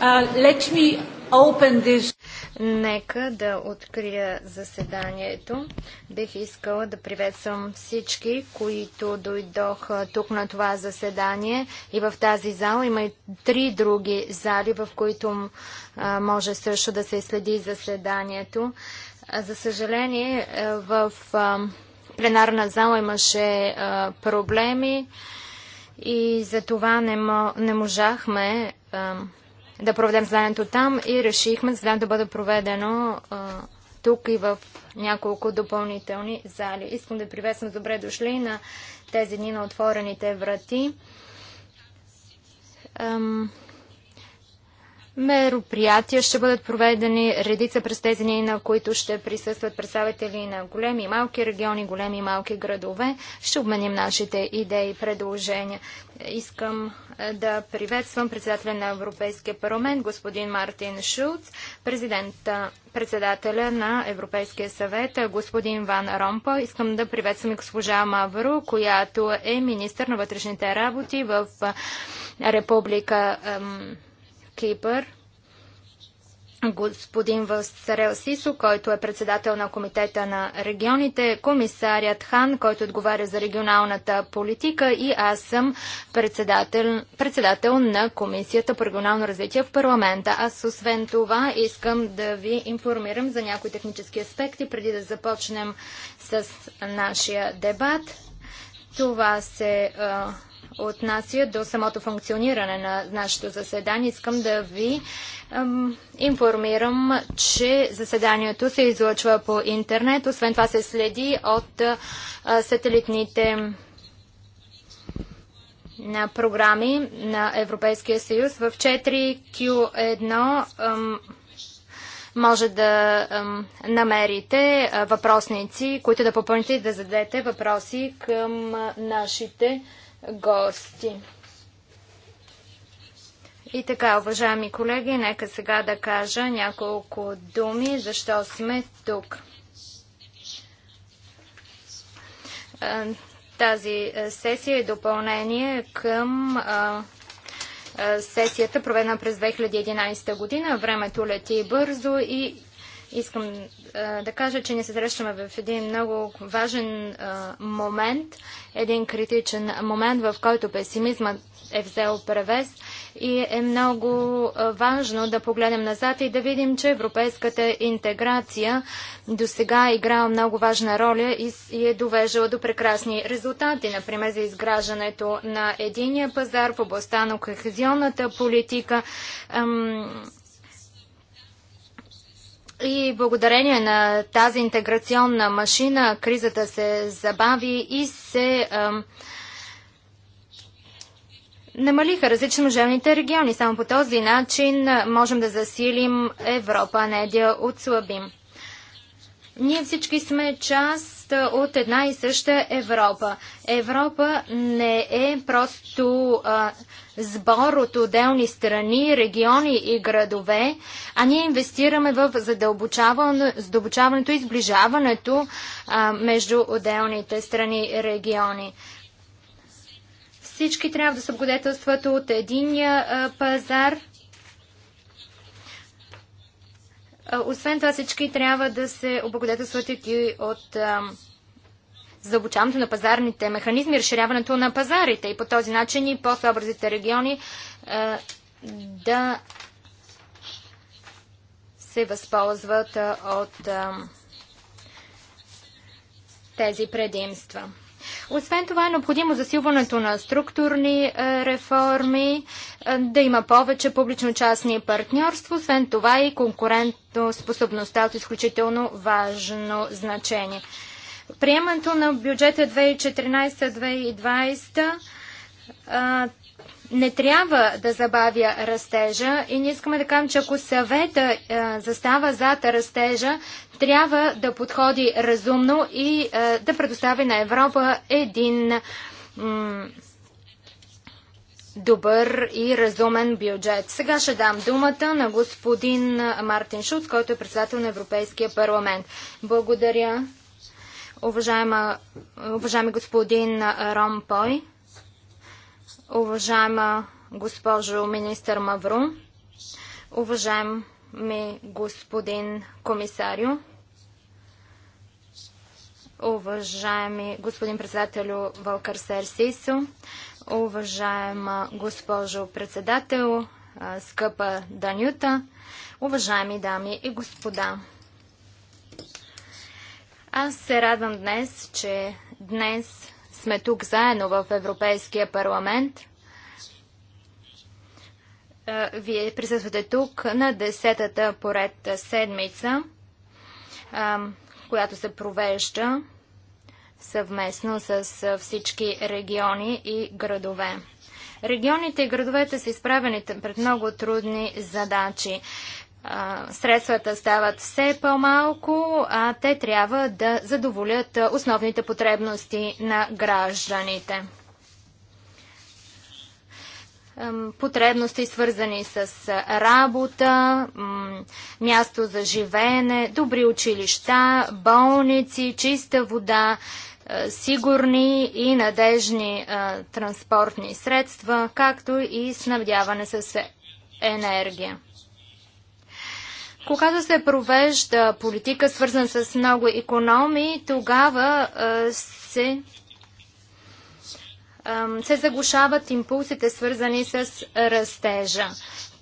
Uh, Нека да открия заседанието. Бих искала да приветствам всички, които дойдоха тук на това заседание и в тази зала. Има и три други зали, в които може също да се следи заседанието. за съжаление, е, в пленарна зала имаше проблеми и за това не, не можахме да проведем заданието там и решихме заданието да бъде проведено а, тук и в няколко допълнителни зали. Искам да приветствам добре дошли на тези дни на отворените врати. Ам, мероприятия ще бъдат проведени редица през тези дни, на които ще присъстват представители на големи и малки региони, големи и малки градове. Ще обменим нашите идеи и предложения. Искам е, да приветствам председателя на Европейския парламент, господин Мартин Шулц, президента, председателя на Европейския съвет, господин Ван Ромпа. Искам да приветствам и госпожа Мавро, която е министър на вътрешните работи в е, Република Кипър, господин Васарел Сисо, който е председател на Комитета на регионите, комисарят Хан, който отговаря за регионалната политика и аз съм председател, председател на Комисията по регионално развитие в парламента. Аз освен това искам да ви информирам за някои технически аспекти, преди да започнем с нашия дебат. Това се... А, отнася до самото функциониране на нашето заседание, искам да ви ем, информирам, че заседанието се излъчва по интернет. Освен това се следи от е, сателитните на програми на Европейския съюз. В 4Q1 ем, може да ем, намерите въпросници, които да попълните и да зададете въпроси към нашите гости. И така, уважаеми колеги, нека сега да кажа няколко думи, защо сме тук. Тази сесия е допълнение към сесията, проведена през 2011 година. Времето лети бързо и Искам а, да кажа, че ни се срещаме в един много важен а, момент, един критичен момент, в който песимизмът е взел превес и е много а, важно да погледнем назад и да видим, че европейската интеграция до сега е играла много важна роля и, и е довеждала до прекрасни резултати, например за изграждането на единия пазар в областта на кохезионната политика. И благодарение на тази интеграционна машина кризата се забави и се ам, намалиха различно мъжевните региони. Само по този начин можем да засилим Европа, а не да отслабим. Ние всички сме част нуждата от една и съща Европа. Европа не е просто а, сбор от отделни страни, региони и градове, а ние инвестираме в задълбочаване, задълбочаването и сближаването а, между отделните страни и региони. Всички трябва да се от единия пазар – Освен това всички трябва да се облагодетелстват и от задълбочаването на пазарните механизми, разширяването на пазарите и по този начин и по-слабразите региони да се възползват от тези предимства. Освен това е необходимо засилването на структурни е, реформи, е, да има повече публично-частни партньорства, освен това и конкурентоспособността е от изключително важно значение. Приемането на бюджета 2014-2020 не трябва да забавя растежа и не искаме да кажем, че ако съвета е, застава зад растежа, трябва да подходи разумно и е, да предостави на Европа един добър и разумен бюджет. Сега ще дам думата на господин Мартин Шуц, който е председател на Европейския парламент. Благодаря, уважаема, уважаеми господин Ромпой уважаема госпожо министър Мавро, уважаеми господин комисарио, уважаеми господин председателю Вълкър Серсисо, уважаема госпожо председател, скъпа Данюта, уважаеми дами и господа. Аз се радвам днес, че днес сме тук заедно в Европейския парламент. Е, вие присъствате тук на десетата поред седмица, е, която се провежда съвместно с всички региони и градове. Регионите и градовете са изправени пред много трудни задачи средствата стават все по-малко, а те трябва да задоволят основните потребности на гражданите. Потребности свързани с работа, място за живеене, добри училища, болници, чиста вода, сигурни и надежни транспортни средства, както и снабдяване с енергия. Когато се провежда политика, свързана с много економии, тогава а, се, а, се заглушават импулсите, свързани с растежа.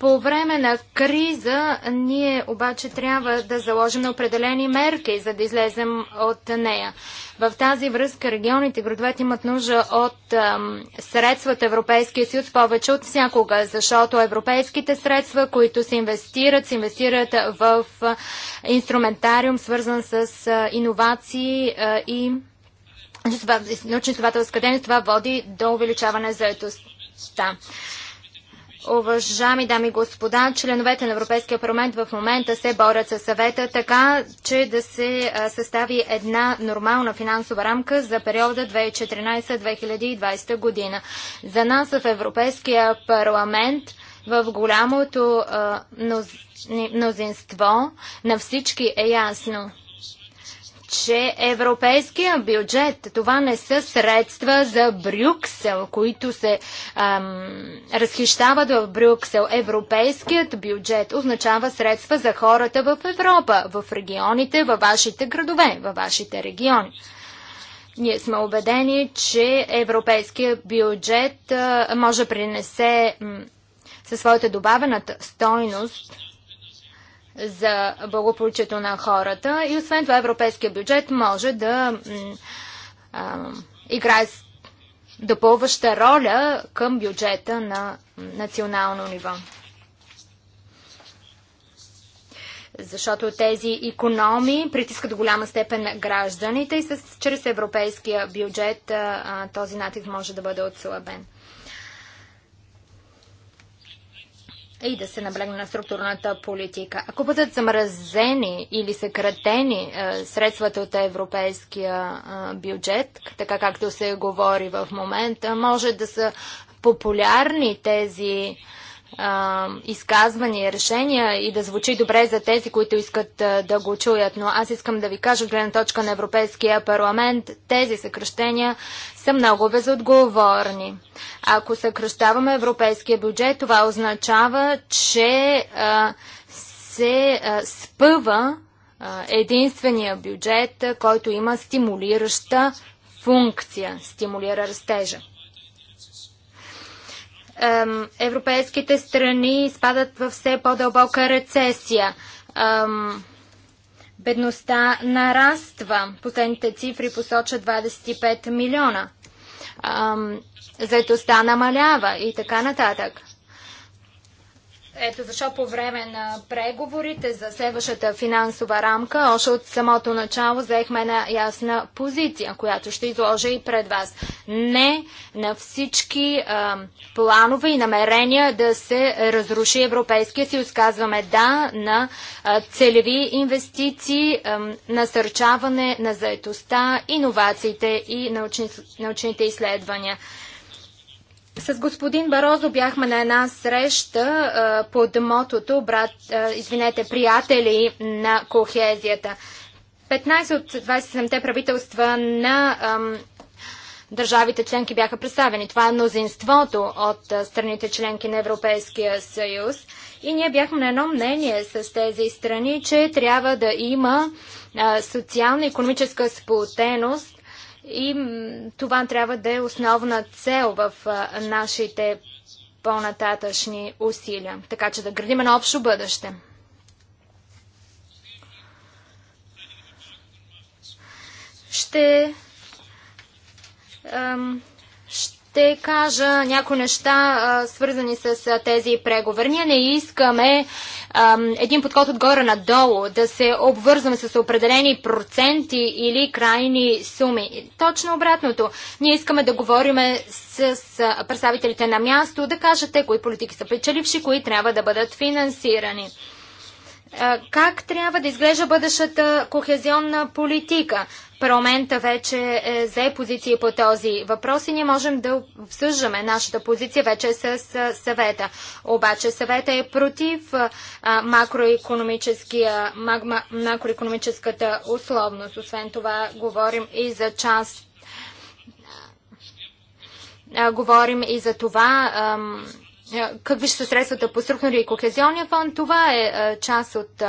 По време на криза ние обаче трябва да заложим на определени мерки, за да излезем от нея. В тази връзка регионите и градовете имат нужда от ам, средства от Европейския съюз повече от всякога, защото европейските средства, които се инвестират, се инвестират в инструментариум, свързан с иновации и научно-изследователска дейност. Това води до увеличаване заетостта. Уважаеми дами и господа, членовете на Европейския парламент в момента се борят със съвета така, че да се състави една нормална финансова рамка за периода 2014-2020 година. За нас в Европейския парламент в голямото мнозинство на всички е ясно, че европейския бюджет, това не са средства за Брюксел, които се ам, разхищават в Брюксел. Европейският бюджет означава средства за хората в Европа, в регионите, във вашите градове, във вашите региони. Ние сме убедени, че европейския бюджет а, може да принесе м, със своята добавената стойност за благополучието на хората. И освен това, европейския бюджет може да играе допълваща роля към бюджета на национално ниво. Защото тези економии притискат голяма степен гражданите и с, чрез европейския бюджет а, този натиск може да бъде отслабен. и да се наблегне на структурната политика. Ако бъдат замразени или съкратени е, средствата от европейския е, бюджет, така както се говори в момента, може да са популярни тези а, изказвания, решения и да звучи добре за тези, които искат а, да го чуят. Но аз искам да ви кажа, гледна точка на Европейския парламент, тези съкръщения са много безотговорни. Ако съкръщаваме европейския бюджет, това означава, че а, се а, спъва а, единствения бюджет, който има стимулираща функция, стимулира растежа европейските страни спадат в все по-дълбока рецесия. Бедността нараства. Последните цифри посочат 25 милиона. Заетостта намалява и така нататък. Ето защо по време на преговорите за следващата финансова рамка, още от самото начало взехме една ясна позиция, която ще изложа и пред вас. Не на всички а, планове и намерения да се разруши Европейския съюз. Казваме да на а, целеви инвестиции, а, насърчаване на заетостта, иновациите и научни, научните изследвания. С господин Барозо бяхме на една среща а, под мотото брат, а, извинете, приятели на кохезията. 15 от 27-те правителства на ам, държавите членки бяха представени. Това е мнозинството от а, страните членки на Европейския съюз. И ние бяхме на едно мнение с тези страни, че трябва да има социална и економическа сплотеност и това трябва да е основна цел в нашите по-нататъчни усилия, така че да градим едно общо бъдеще. Ще, ще кажа някои неща, свързани с тези преговори. Ние не искаме един подход отгоре надолу, да се обвързваме с определени проценти или крайни суми. Точно обратното. Ние искаме да говорим с, с представителите на място, да кажете кои политики са печеливши, кои трябва да бъдат финансирани как трябва да изглежда бъдещата кохезионна политика. Парламента вече е зае позиции по този въпрос и ние можем да обсъждаме нашата позиция вече с съвета. Обаче съвета е против макроекономическата условност. Освен това говорим и за част говорим и за това какви ще са средствата по структури и кохезионния фонд. Това е част от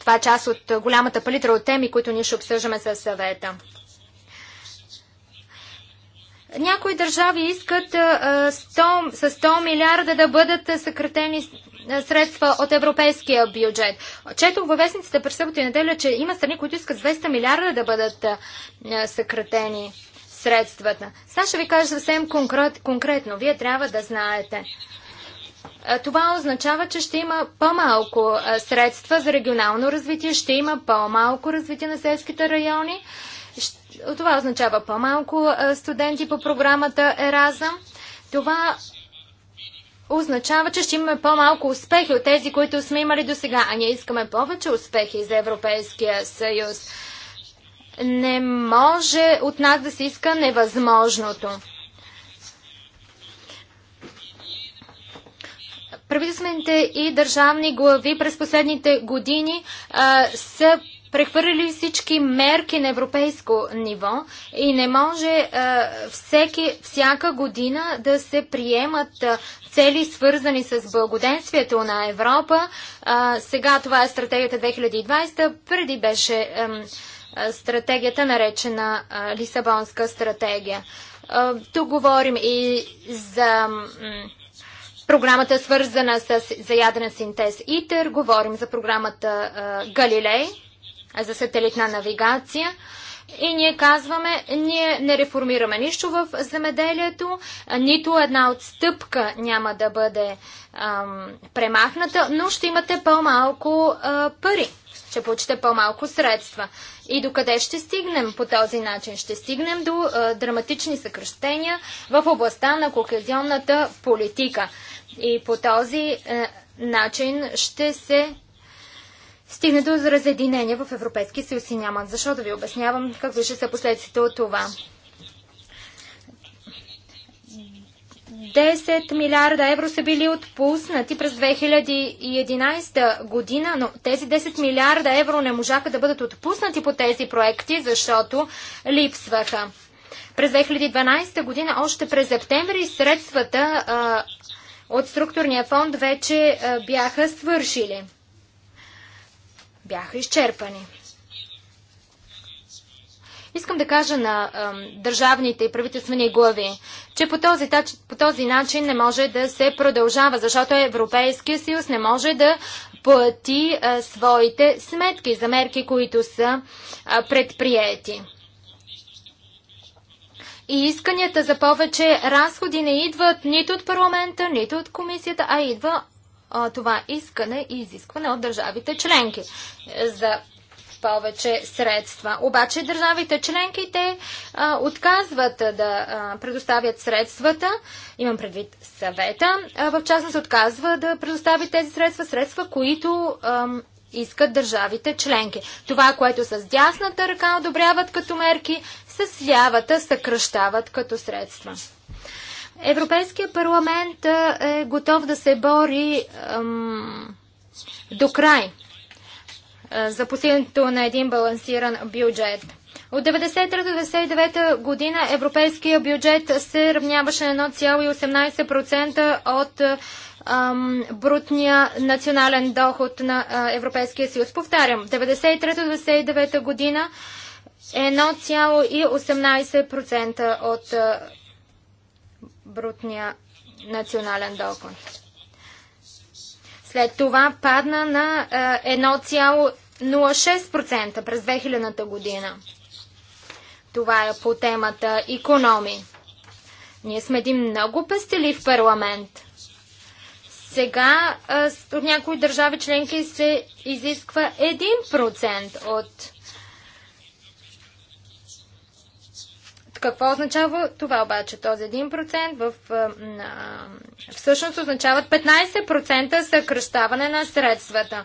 това е част от голямата палитра от теми, които ние ще обсъждаме със съвета. Някои държави искат 100, с 100 милиарда да бъдат съкратени средства от европейския бюджет. Четох във вестниците през събота и неделя, че има страни, които искат 200 милиарда да бъдат съкратени средствата. Сега ще ви кажа съвсем конкрет, конкретно. Вие трябва да знаете това означава, че ще има по-малко средства за регионално развитие, ще има по-малко развитие на селските райони. Това означава по-малко студенти по програмата ЕРАЗА. Това означава, че ще имаме по-малко успехи от тези, които сме имали до сега. А ние искаме повече успехи за Европейския съюз. Не може от нас да се иска невъзможното. Правителствените и държавни глави през последните години а, са прехвърлили всички мерки на европейско ниво и не може а, всеки, всяка година да се приемат а, цели свързани с благоденствието на Европа. А, сега това е стратегията 2020, преди беше ам, стратегията наречена а, Лисабонска стратегия. А, тук говорим и за м, програмата е свързана с заяден синтез ИТЕР, говорим за програмата Галилей, за сателитна навигация. И ние казваме, ние не реформираме нищо в земеделието, нито една отстъпка няма да бъде ам, премахната, но ще имате по-малко пари ще получите по-малко средства. И до къде ще стигнем по този начин? Ще стигнем до а, драматични съкръщения в областта на кохезионната политика. И по този а, начин ще се стигне до разединение в Европейския съюз и няма. Защо да ви обяснявам какви ще са последствията от това? 10 милиарда евро са били отпуснати през 2011 година, но тези 10 милиарда евро не можаха да бъдат отпуснати по тези проекти, защото липсваха. През 2012 година, още през септември, средствата а, от структурния фонд вече а, бяха свършили. Бяха изчерпани. Искам да кажа на е, държавните и правителствени глави, че по този, по този начин не може да се продължава, защото Европейския съюз не може да плати а, своите сметки за мерки, които са а, предприети. И исканията за повече разходи не идват нито от парламента, нито от комисията, а идва а, това искане и изискване от държавите членки за повече средства. Обаче държавите членките а, отказват да а, предоставят средствата, имам предвид съвета, а, в частност отказва да предостави тези средства, средства, които а, искат държавите членки. Това, което с дясната ръка одобряват като мерки, с лявата съкръщават като средства. Европейския парламент е готов да се бори ам, до край за постигането на един балансиран бюджет. От 1993-1999 година европейския бюджет се равняваше на 1,18% от ам, брутния национален доход на а, Европейския съюз. Повтарям, 1993-1999 година е 1,18% от а, брутния национален доход. След това падна на 1,06% през 2000-та година. Това е по темата економи. Ние сме един много пестелив парламент. Сега от някои държави членки се изисква 1% от Какво означава това обаче? Този 1% в, всъщност означават 15% съкръщаване на средствата.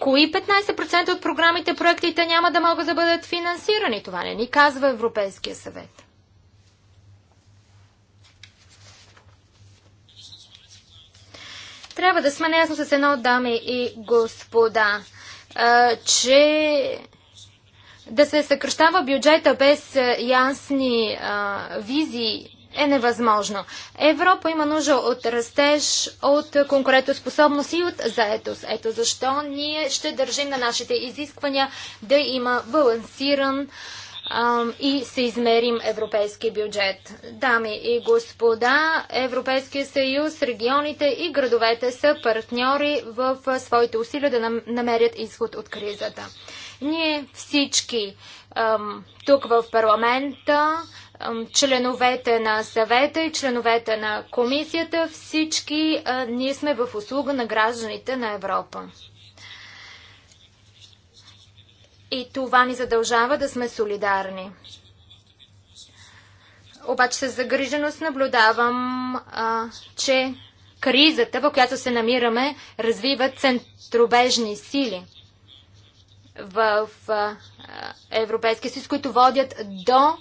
Кои 15% от програмите, проектите няма да могат да бъдат финансирани? Това не ни казва Европейския съвет. Трябва да сме наясно с едно, дами и господа, че да се съкръщава бюджета без е, ясни а, визии е невъзможно. Европа има нужда от растеж, от конкурентоспособност и от заетост. Ето защо ние ще държим на нашите изисквания да има балансиран а, и се измерим европейски бюджет. Дами и господа, Европейския съюз, регионите и градовете са партньори в своите усилия да намерят изход от кризата. Ние всички тук в парламента, членовете на съвета и членовете на комисията, всички ние сме в услуга на гражданите на Европа. И това ни задължава да сме солидарни. Обаче с загриженост наблюдавам, че кризата, в която се намираме, развива центробежни сили – в Европейския съюз, които водят до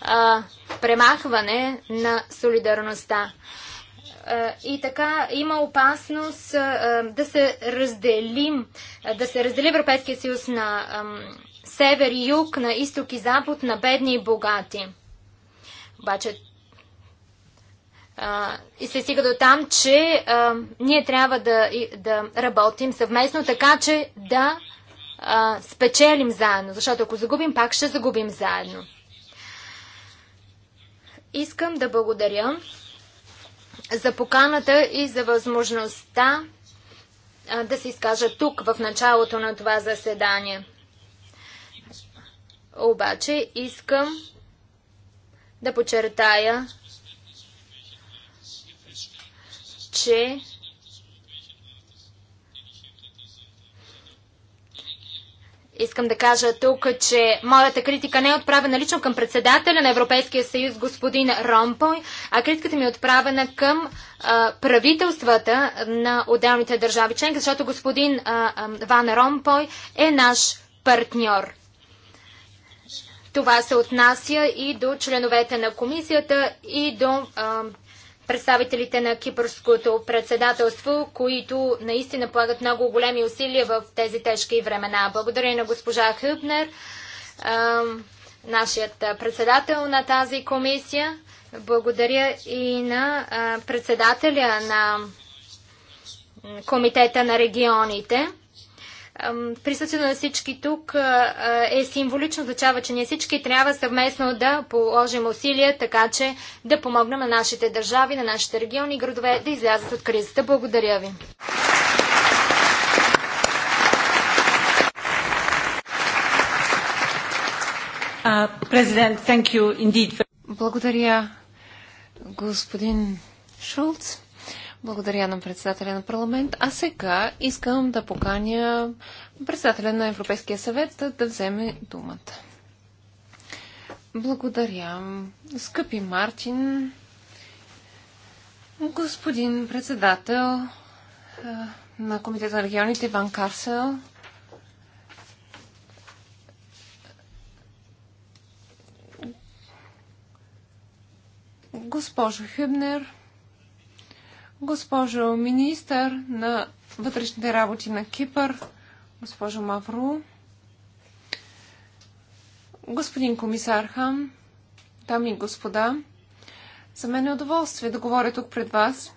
а, премахване на солидарността. и така има опасност да се разделим, да се раздели Европейския съюз на север и юг, на изток и запад, на бедни и богати. Обаче и се стига до там, че ние трябва да, да работим съвместно, така че да а, спечелим заедно, защото ако загубим, пак ще загубим заедно. Искам да благодаря за поканата и за възможността а, да се изкажа тук в началото на това заседание. Обаче искам да подчертая, че Искам да кажа тук, че моята критика не е отправена лично към председателя на Европейския съюз, господин Ромпой, а критиката ми е отправена към а, правителствата на отделните държави членки, защото господин а, а, Ван Ромпой е наш партньор. Това се отнася и до членовете на комисията, и до а, представителите на кипърското председателство, които наистина полагат много големи усилия в тези тежки времена. Благодаря на госпожа Хъбнер, нашият председател на тази комисия. Благодаря и на председателя на Комитета на регионите. Присъствието на всички тук е символично, означава, че ние всички трябва съвместно да положим усилия, така че да помогнем на нашите държави, на нашите региони и градове да излязат от кризата. Благодаря ви. Благодаря, господин Шулц. Благодаря на председателя на парламент. А сега искам да поканя председателя на Европейския съвет да вземе думата. Благодаря. Скъпи Мартин, господин председател на Комитета на регионите Иван Карсел, госпожо Хюбнер, Госпожо министър на вътрешните работи на Кипър, госпожо Мавру, господин комисар Хам, дами и господа, за мен е удоволствие да говоря тук пред вас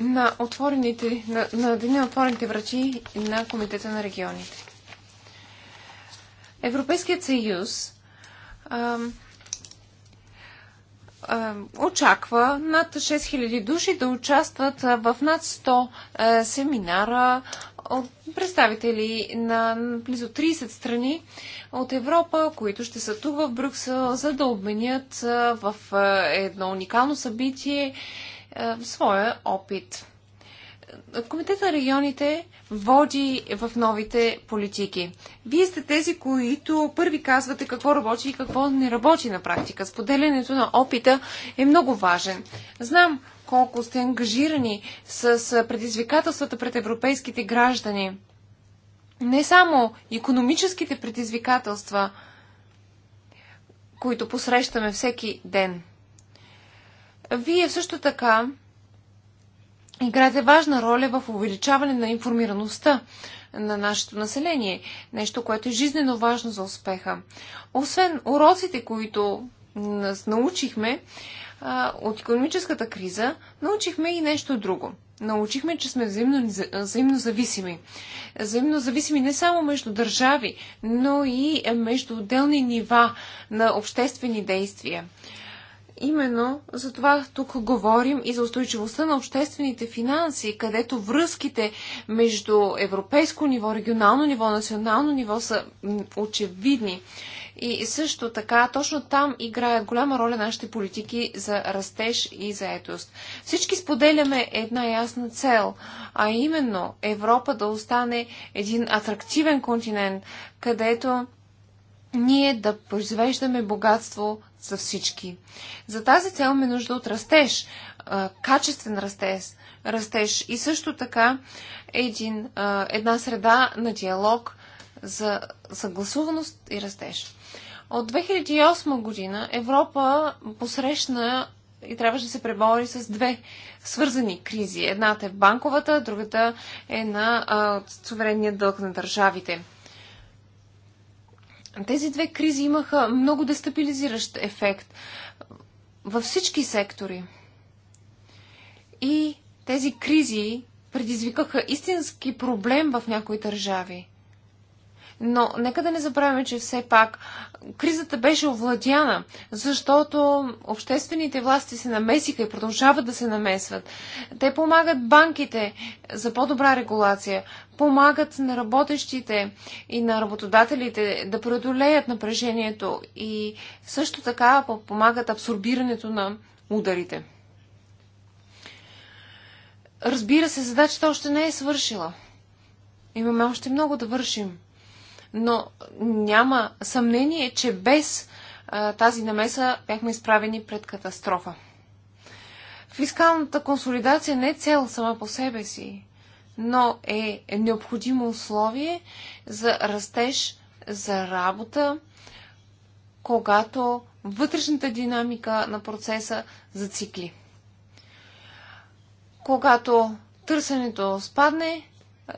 на, отворените, на, на Деня отворените врати на Комитета на регионите. Европейският съюз ам, е, очаква над 6000 души да участват е, в над 100 е, семинара от представители на близо 30 страни от Европа, които ще са тук в Брюксел, за да обменят в едно уникално събитие своя опит. Комитет на регионите води в новите политики. Вие сте тези, които първи казвате какво работи и какво не работи на практика. Споделянето на опита е много важен. Знам колко сте ангажирани с предизвикателствата пред европейските граждани. Не само економическите предизвикателства, които посрещаме всеки ден. Вие също така играете важна роля в увеличаване на информираността на нашето население. Нещо, което е жизнено важно за успеха. Освен уроците, които нас научихме а, от економическата криза, научихме и нещо друго. Научихме, че сме взаимно, взаимно зависими. Взаимно зависими не само между държави, но и между отделни нива на обществени действия именно за това тук говорим и за устойчивостта на обществените финанси, където връзките между европейско ниво, регионално ниво, национално ниво са очевидни. И също така, точно там играят голяма роля нашите политики за растеж и заетост. Всички споделяме една ясна цел, а именно Европа да остане един атрактивен континент, където ние да произвеждаме богатство за всички. За тази цел ме нужда от растеж, качествен растеж, растеж и също така един, една среда на диалог за съгласуваност и растеж. От 2008 година Европа посрещна и трябваше да се пребори с две свързани кризи. Едната е банковата, другата е на суверенния дълг на държавите – тези две кризи имаха много дестабилизиращ ефект във всички сектори. И тези кризи предизвикаха истински проблем в някои държави – но нека да не забравяме, че все пак кризата беше овладяна, защото обществените власти се намесиха и продължават да се намесват. Те помагат банките за по-добра регулация, помагат на работещите и на работодателите да преодолеят напрежението и също така помагат абсорбирането на ударите. Разбира се, задачата още не е свършила. Имаме още много да вършим но няма съмнение, че без а, тази намеса бяхме изправени пред катастрофа. Фискалната консолидация не е цел сама по себе си, но е необходимо условие за растеж, за работа, когато вътрешната динамика на процеса зацикли. Когато търсенето спадне,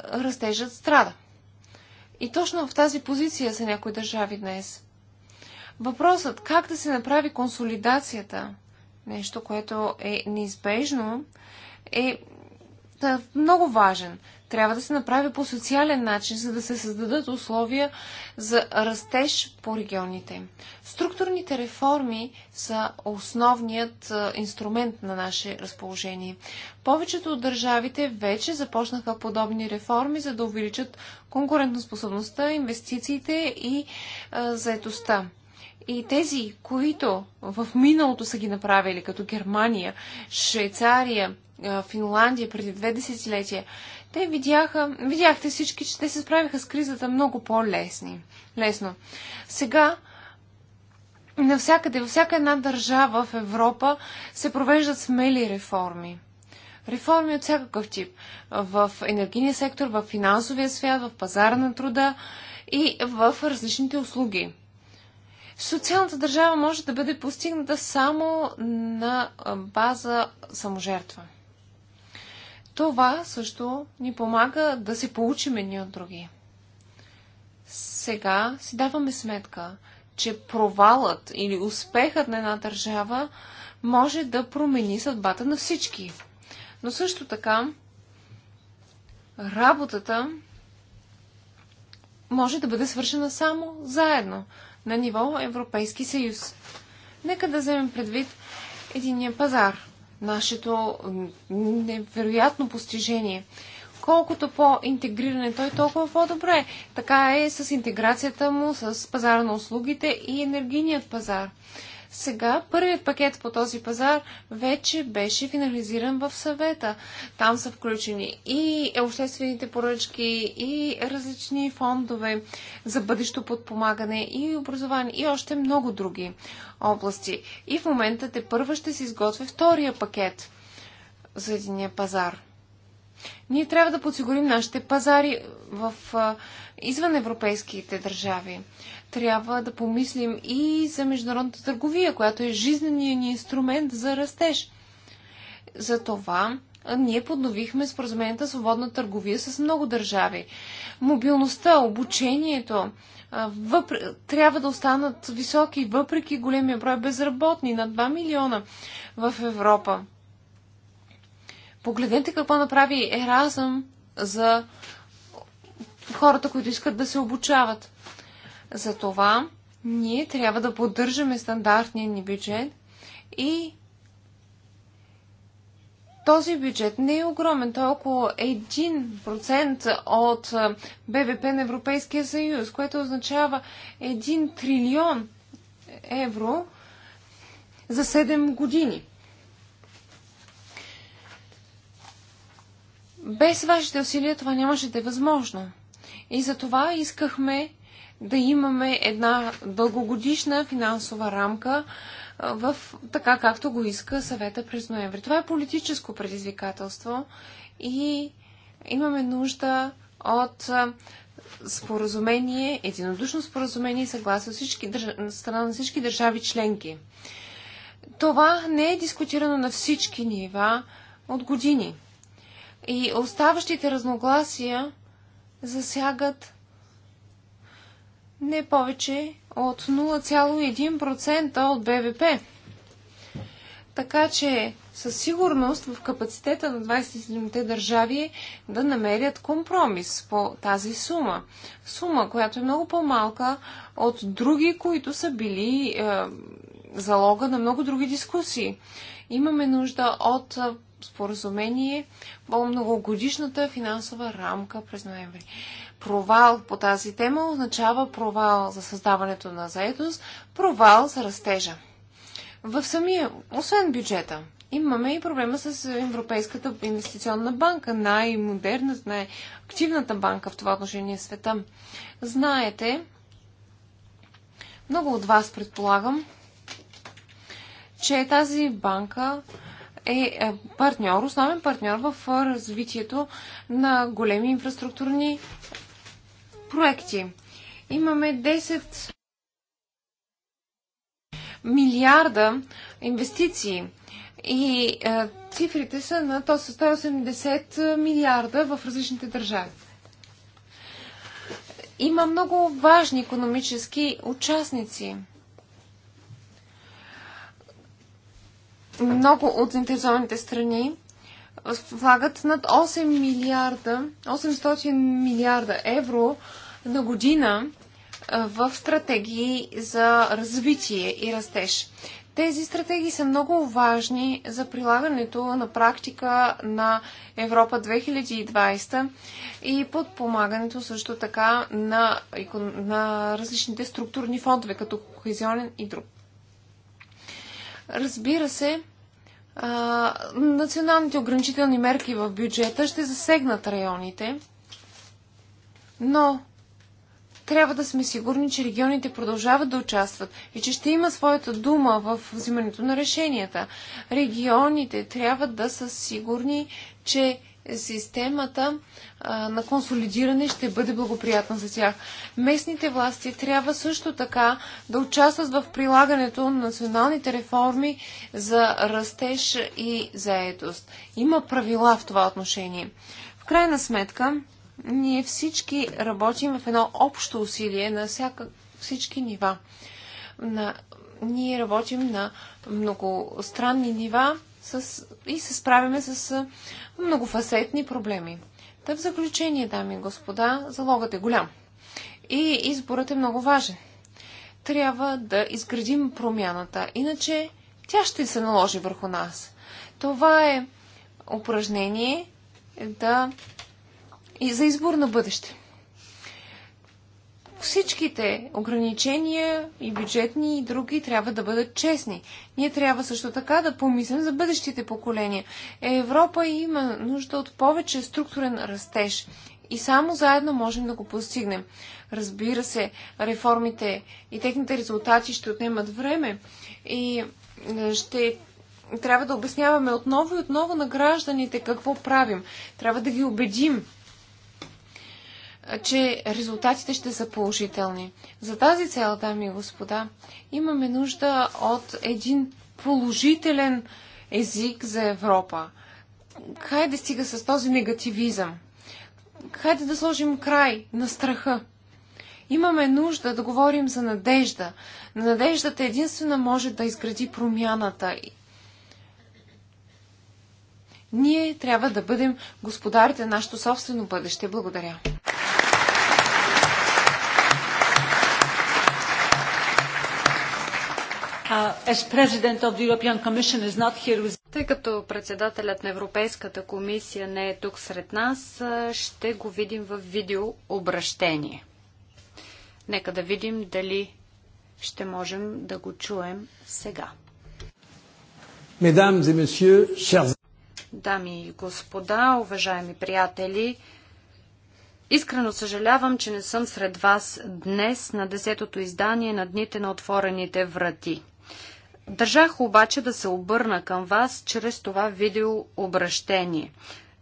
растежът страда. И точно в тази позиция са някои държави днес. Въпросът как да се направи консолидацията, нещо, което е неизбежно, е е, много важен. Трябва да се направи по социален начин, за да се създадат условия за растеж по регионите. Структурните реформи са основният е, инструмент на наше разположение. Повечето от държавите вече започнаха подобни реформи, за да увеличат конкурентоспособността, инвестициите и е, заетостта. И тези, които в миналото са ги направили, като Германия, Швейцария, Финландия преди две десетилетия, те видяха, видяхте всички, че те се справиха с кризата много по-лесни. Лесно. Сега навсякъде, във всяка една държава в Европа се провеждат смели реформи. Реформи от всякакъв тип. В енергийния сектор, в финансовия свят, в пазара на труда и в различните услуги. Социалната държава може да бъде постигната само на база саможертва. Това също ни помага да се получим едни от други. Сега си даваме сметка, че провалът или успехът на една държава може да промени съдбата на всички. Но също така, работата може да бъде свършена само заедно, на ниво Европейски съюз. Нека да вземем предвид единия пазар – нашето невероятно постижение. Колкото по-интегриране той, толкова по-добре. Така е с интеграцията му, с пазара на услугите и енергийният пазар. Сега първият пакет по този пазар вече беше финализиран в съвета. Там са включени и обществените поръчки, и различни фондове за бъдещо подпомагане, и образование, и още много други области. И в момента те първа ще се изготви втория пакет за единия пазар. Ние трябва да подсигурим нашите пазари в извън европейските държави. Трябва да помислим и за международната търговия, която е жизненият ни инструмент за растеж. Затова ние подновихме споразумението свободна търговия с много държави. Мобилността, обучението въпр... трябва да останат високи, въпреки големия брой безработни на 2 милиона в Европа. Погледнете какво направи Еразъм за хората, които искат да се обучават. Затова ние трябва да поддържаме стандартния ни бюджет и този бюджет не е огромен, той е около 1% от БВП на Европейския съюз, което означава 1 трилион евро за 7 години. Без вашите усилия това нямаше да е възможно. И за това искахме да имаме една дългогодишна финансова рамка, в, така както го иска съвета през ноември. Това е политическо предизвикателство и имаме нужда от споразумение, единодушно споразумение и съгласие всички, страна на всички държави членки. Това не е дискутирано на всички нива от години. И оставащите разногласия засягат не повече от 0,1% от БВП. Така че със сигурност в капацитета на 27-те държави е да намерят компромис по тази сума. Сума, която е много по-малка от други, които са били е, залога на много други дискусии. Имаме нужда от е, споразумение по многогодишната финансова рамка през ноември. Провал по тази тема означава провал за създаването на заедност, провал за растежа. В самия, освен бюджета, имаме и проблема с Европейската инвестиционна банка, най-модерната, най-активната банка в това отношение в света. Знаете, много от вас предполагам, че тази банка е, е партньор, основен партньор в е, развитието на големи инфраструктурни проекти. Имаме 10 милиарда инвестиции и е, цифрите са на 180 милиарда в различните държави. Има много важни економически участници – много от заинтересованите страни влагат над 8 милиарда, 800 милиарда евро на година в стратегии за развитие и растеж. Тези стратегии са много важни за прилагането на практика на Европа 2020 и подпомагането също така на, на различните структурни фондове, като кохезионен и друг. Разбира се, а, националните ограничителни мерки в бюджета ще засегнат районите, но трябва да сме сигурни, че регионите продължават да участват и че ще има своята дума в взимането на решенията. Регионите трябва да са сигурни, че системата а, на консолидиране ще бъде благоприятна за тях. Местните власти трябва също така да участват в прилагането на националните реформи за растеж и заетост. Има правила в това отношение. В крайна сметка, ние всички работим в едно общо усилие на всяка, всички нива. На, ние работим на многостранни нива с и се справяме с многофасетни проблеми. Та в заключение, дами и господа, залогът е голям. И изборът е много важен. Трябва да изградим промяната, иначе тя ще се наложи върху нас. Това е упражнение е да... и за избор на бъдеще. Всичките ограничения и бюджетни и други трябва да бъдат честни. Ние трябва също така да помислим за бъдещите поколения. Европа има нужда от повече структурен растеж и само заедно можем да го постигнем. Разбира се, реформите и техните резултати ще отнемат време и е, ще трябва да обясняваме отново и отново на гражданите какво правим. Трябва да ги убедим че резултатите ще са положителни. За тази цел, дами и господа, имаме нужда от един положителен език за Европа. Хайде стига с този негативизъм. Хайде да сложим край на страха. Имаме нужда да говорим за надежда. Надеждата единствена може да изгради промяната. Ние трябва да бъдем господарите на нашето собствено бъдеще. Благодаря. Тъй като председателят на Европейската комисия не е тук сред нас, ще го видим в видеообращение. Нека да видим дали ще можем да го чуем сега. Дами и господа, уважаеми приятели, Искрено съжалявам, че не съм сред вас днес на десетото издание на Дните на отворените врати. Държах обаче да се обърна към вас чрез това видеообращение.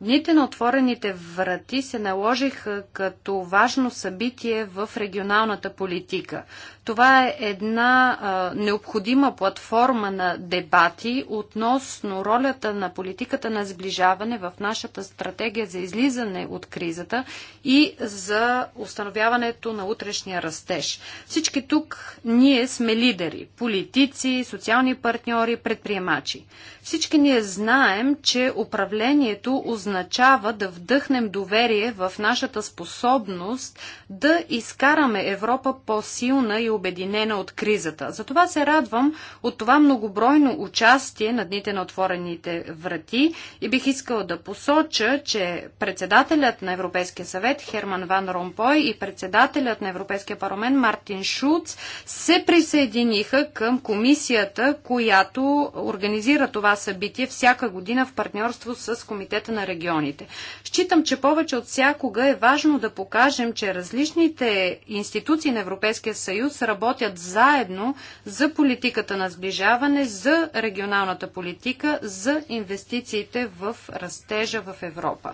Дните на отворените врати се наложиха като важно събитие в регионалната политика. Това е една а, необходима платформа на дебати относно ролята на политиката на сближаване в нашата стратегия за излизане от кризата и за установяването на утрешния растеж. Всички тук ние сме лидери политици, социални партньори, предприемачи. Всички ние знаем, че управлението означава да вдъхнем доверие в нашата способност да изкараме Европа по-силна и обединена от кризата. Затова се радвам от това многобройно участие на дните на отворените врати и бих искала да посоча, че председателят на Европейския съвет Херман Ван Ромпой и председателят на Европейския парламент Мартин Шуц се присъединиха към комисията, която организира това събитие всяка година в партньорство с Комитета на регионите. Считам, че повече от всякога е важно да покажем, че различните институции на Европейския съюз се работят заедно за политиката на сближаване, за регионалната политика, за инвестициите в растежа в Европа.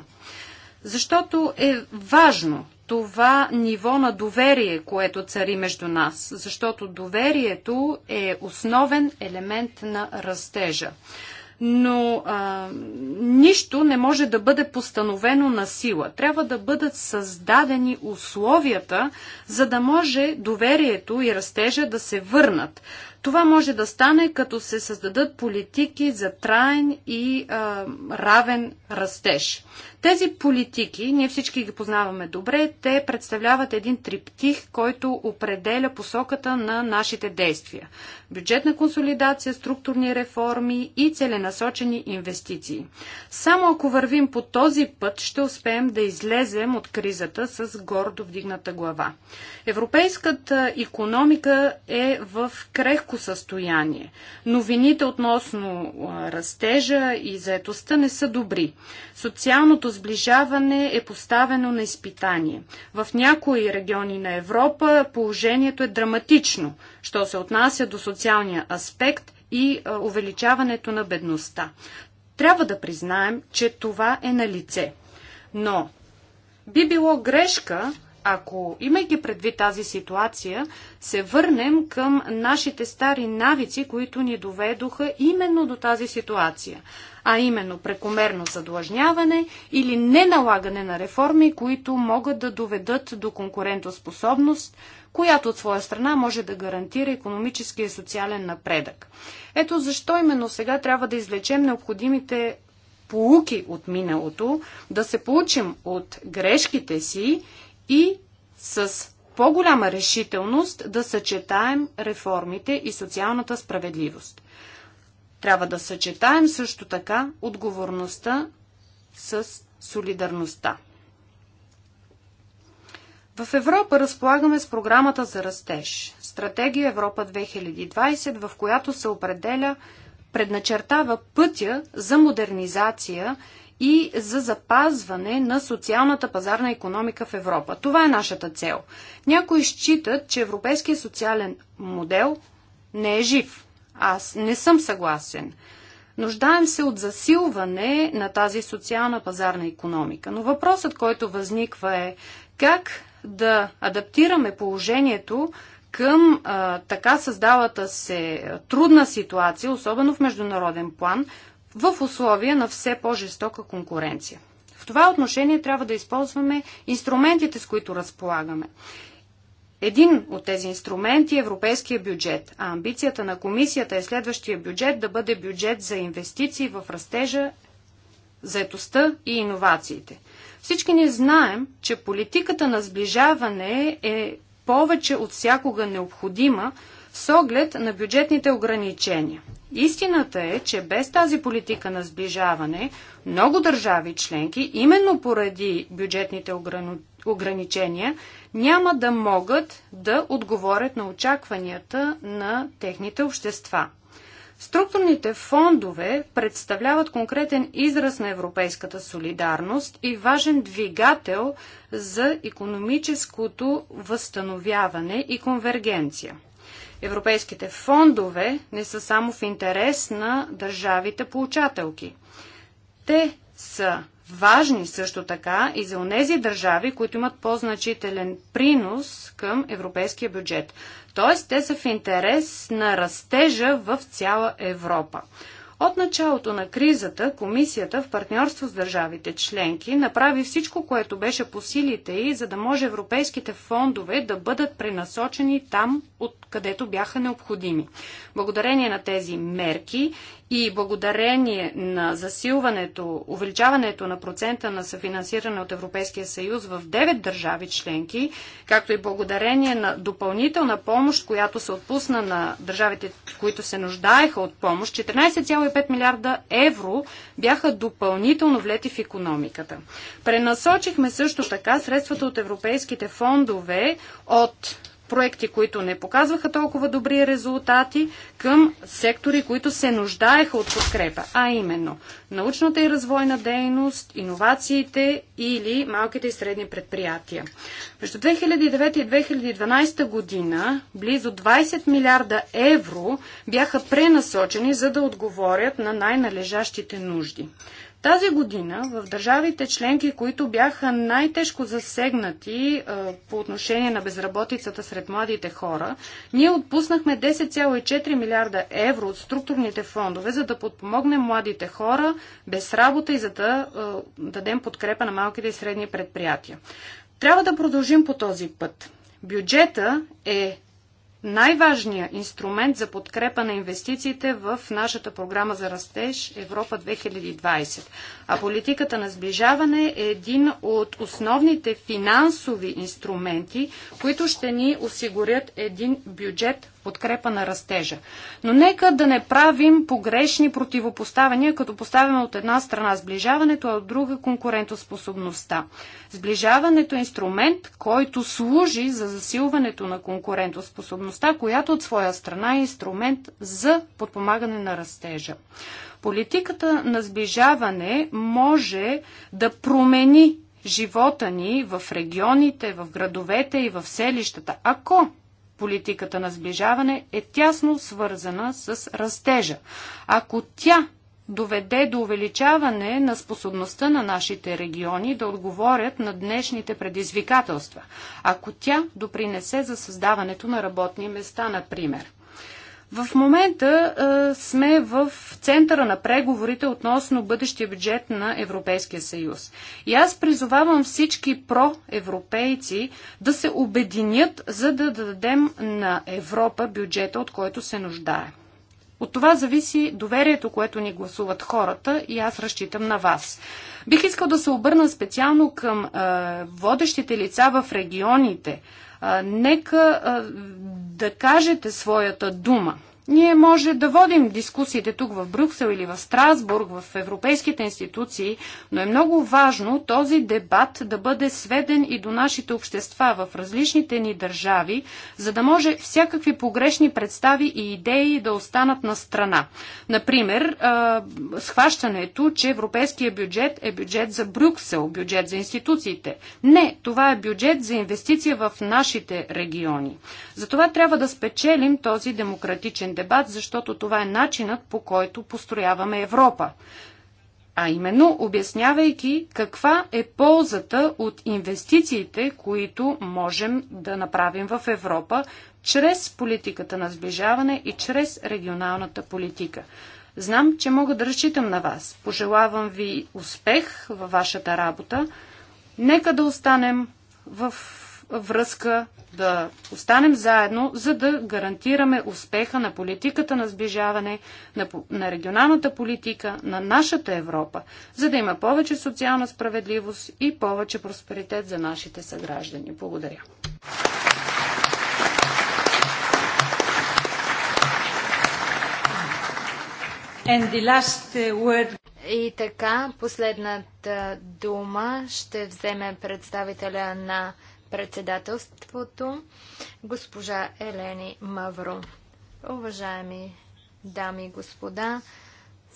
Защото е важно това ниво на доверие, което цари между нас, защото доверието е основен елемент на растежа но а, нищо не може да бъде постановено на сила. Трябва да бъдат създадени условията, за да може доверието и растежа да се върнат. Това може да стане, като се създадат политики за траен и а, равен растеж. Тези политики, ние всички ги познаваме добре, те представляват един триптих, който определя посоката на нашите действия. Бюджетна консолидация, структурни реформи и целенасочени инвестиции. Само ако вървим по този път, ще успеем да излезем от кризата с гордо вдигната глава. Европейската економика е в крехко тежко състояние. Новините относно растежа и заетостта не са добри. Социалното сближаване е поставено на изпитание. В някои региони на Европа положението е драматично, що се отнася до социалния аспект и увеличаването на бедността. Трябва да признаем, че това е на лице. Но би било грешка ако, имайки предвид тази ситуация, се върнем към нашите стари навици, които ни доведоха именно до тази ситуация, а именно прекомерно задлъжняване или неналагане на реформи, които могат да доведат до конкурентоспособност, която от своя страна може да гарантира економически и социален напредък. Ето защо именно сега трябва да извлечем необходимите полуки от миналото, да се получим от грешките си и с по-голяма решителност да съчетаем реформите и социалната справедливост. Трябва да съчетаем също така отговорността с солидарността. В Европа разполагаме с програмата за растеж, стратегия Европа 2020, в която се определя, предначертава пътя за модернизация и за запазване на социалната пазарна економика в Европа. Това е нашата цел. Някои считат, че европейският социален модел не е жив. Аз не съм съгласен. Нуждаем се от засилване на тази социална пазарна економика. Но въпросът, който възниква е как да адаптираме положението към а, така създалата се трудна ситуация, особено в международен план, в условия на все по-жестока конкуренция. В това отношение трябва да използваме инструментите, с които разполагаме. Един от тези инструменти е европейския бюджет, а амбицията на комисията е следващия бюджет да бъде бюджет за инвестиции в растежа, заетостта и иновациите. Всички ни знаем, че политиката на сближаване е повече от всякога необходима с оглед на бюджетните ограничения. Истината е, че без тази политика на сближаване, много държави членки, именно поради бюджетните ограничения, няма да могат да отговорят на очакванията на техните общества. Структурните фондове представляват конкретен израз на европейската солидарност и важен двигател за економическото възстановяване и конвергенция. Европейските фондове не са само в интерес на държавите получателки. Те са важни също така и за онези държави, които имат по-значителен принос към европейския бюджет. Тоест, те са в интерес на растежа в цяла Европа. От началото на кризата комисията в партньорство с държавите членки направи всичко, което беше по силите и, за да може европейските фондове да бъдат пренасочени там, откъдето бяха необходими. Благодарение на тези мерки и благодарение на засилването, увеличаването на процента на съфинансиране от Европейския съюз в 9 държави членки, както и благодарение на допълнителна помощ, която се отпусна на държавите, които се нуждаеха от помощ, 14,5 милиарда евро бяха допълнително влети в економиката. Пренасочихме също така средствата от европейските фондове от проекти, които не показваха толкова добри резултати, към сектори, които се нуждаеха от подкрепа, а именно научната и развойна дейност, иновациите или малките и средни предприятия. Между 2009 и 2012 година близо 20 милиарда евро бяха пренасочени, за да отговорят на най-належащите нужди. Тази година в държавите членки, които бяха най-тежко засегнати а, е, по отношение на безработицата сред младите хора, ние отпуснахме 10,4 милиарда евро от структурните фондове, за да подпомогнем младите хора без работа и за да а, е, дадем подкрепа на малките и средни предприятия. Трябва да продължим по този път. Бюджета е най-важният инструмент за подкрепа на инвестициите в нашата програма за растеж Европа 2020. А политиката на сближаване е един от основните финансови инструменти, които ще ни осигурят един бюджет подкрепа на растежа. Но нека да не правим погрешни противопоставяния, като поставяме от една страна сближаването, а от друга конкурентоспособността. Сближаването е инструмент, който служи за засилването на конкурентоспособността, която от своя страна е инструмент за подпомагане на растежа. Политиката на сближаване може да промени живота ни в регионите, в градовете и в селищата, ако политиката на сближаване е тясно свързана с растежа. Ако тя доведе до увеличаване на способността на нашите региони да отговорят на днешните предизвикателства, ако тя допринесе за създаването на работни места, например. В момента а, сме в центъра на преговорите относно бъдещия бюджет на Европейския съюз. И аз призовавам всички проевропейци да се обединят, за да дадем на Европа бюджета, от който се нуждае. От това зависи доверието, което ни гласуват хората и аз разчитам на вас. Бих искал да се обърна специално към а, водещите лица в регионите, нека да кажете своята дума. Ние може да водим дискусиите тук в Брюксел или в Страсбург, в европейските институции, но е много важно този дебат да бъде сведен и до нашите общества в различните ни държави, за да може всякакви погрешни представи и идеи да останат на страна. Например, схващането, че европейския бюджет е бюджет за Брюксел, бюджет за институциите. Не, това е бюджет за инвестиция в нашите региони. Затова трябва да спечелим този демократичен дебат, защото това е начинът по който построяваме Европа. А именно, обяснявайки каква е ползата от инвестициите, които можем да направим в Европа, чрез политиката на сближаване и чрез регионалната политика. Знам, че мога да разчитам на вас. Пожелавам ви успех във вашата работа. Нека да останем в връзка да останем заедно, за да гарантираме успеха на политиката на сближаване, на, на регионалната политика, на нашата Европа, за да има повече социална справедливост и повече просперитет за нашите съграждани. Благодаря. Uh, и така, последната дума ще вземе представителя на председателството госпожа Елени Мавро. Уважаеми дами и господа,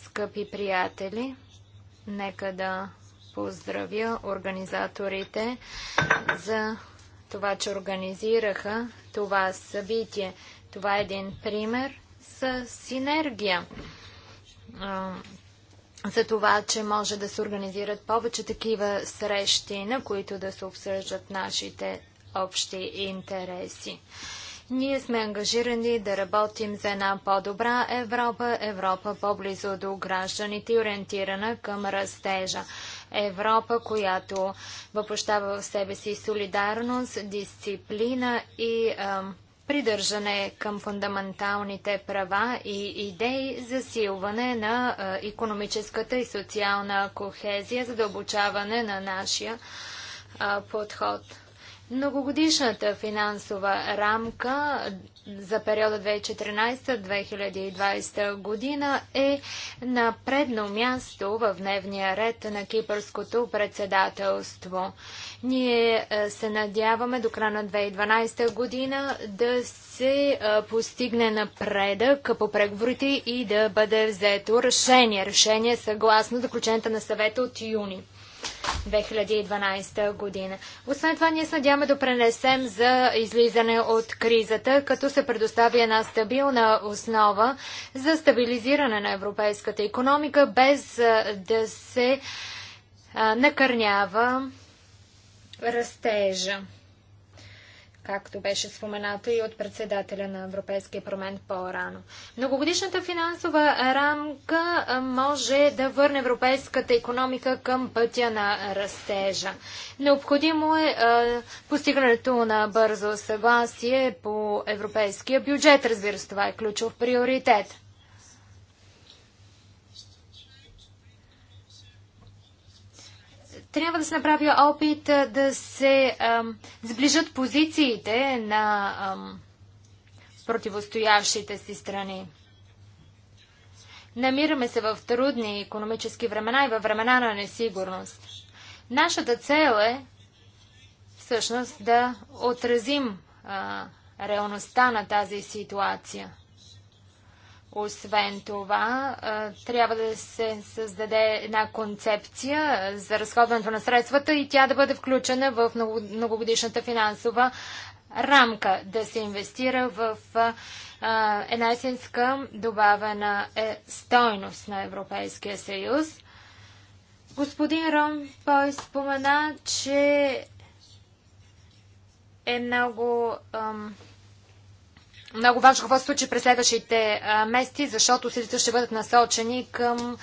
скъпи приятели, нека да поздравя организаторите за това, че организираха това събитие. Това е един пример с синергия за това, че може да се организират повече такива срещи, на които да се обсъждат нашите общи интереси. Ние сме ангажирани да работим за една по-добра Европа, Европа по-близо до гражданите и ориентирана към растежа. Европа, която въплощава в себе си солидарност, дисциплина и ам, придържане към фундаменталните права и идеи, засилване на економическата и социална кохезия, задълбочаване на нашия подход. Многогодишната финансова рамка за периода 2014-2020 година е на предно място в дневния ред на кипърското председателство. Ние е, се надяваме до края на 2012 година да се е, постигне напредък по преговорите и да бъде взето решение. Решение съгласно заключенията на съвета от юни. 2012 година. Освен това, ние се надяваме да пренесем за излизане от кризата, като се предостави една стабилна основа за стабилизиране на европейската економика, без да се накърнява растежа както беше споменато и от председателя на Европейския парламент по-рано. Многогодишната финансова рамка може да върне европейската економика към пътя на растежа. Необходимо е, е постигането на бързо съгласие по европейския бюджет. Разбира се, това е ключов приоритет. Трябва да се направи опит да се ам, сближат позициите на ам, противостоящите си страни. Намираме се в трудни економически времена и във времена на несигурност. Нашата цел е всъщност да отразим а, реалността на тази ситуация. Освен това, трябва да се създаде една концепция за разходването на средствата и тя да бъде включена в многогодишната финансова рамка, да се инвестира в една есенска добавена е стойност на Европейския съюз. Господин Пой спомена, че е много ам, много важно какво се случи през следващите месеци, защото усилията ще бъдат насочени към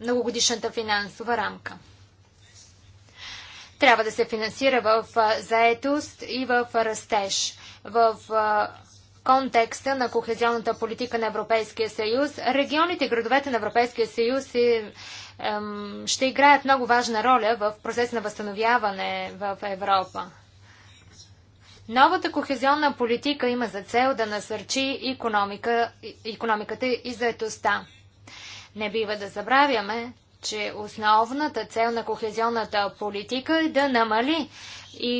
многогодишната финансова рамка. Трябва да се финансира в заетост и в растеж. В контекста на кохезионната политика на Европейския съюз, регионите и градовете на Европейския съюз и, е, ем, ще играят много важна роля в процес на възстановяване в Европа. Новата кохезионна политика има за цел да насърчи економика, економиката и заетостта. Не бива да забравяме, че основната цел на кохезионната политика е да намали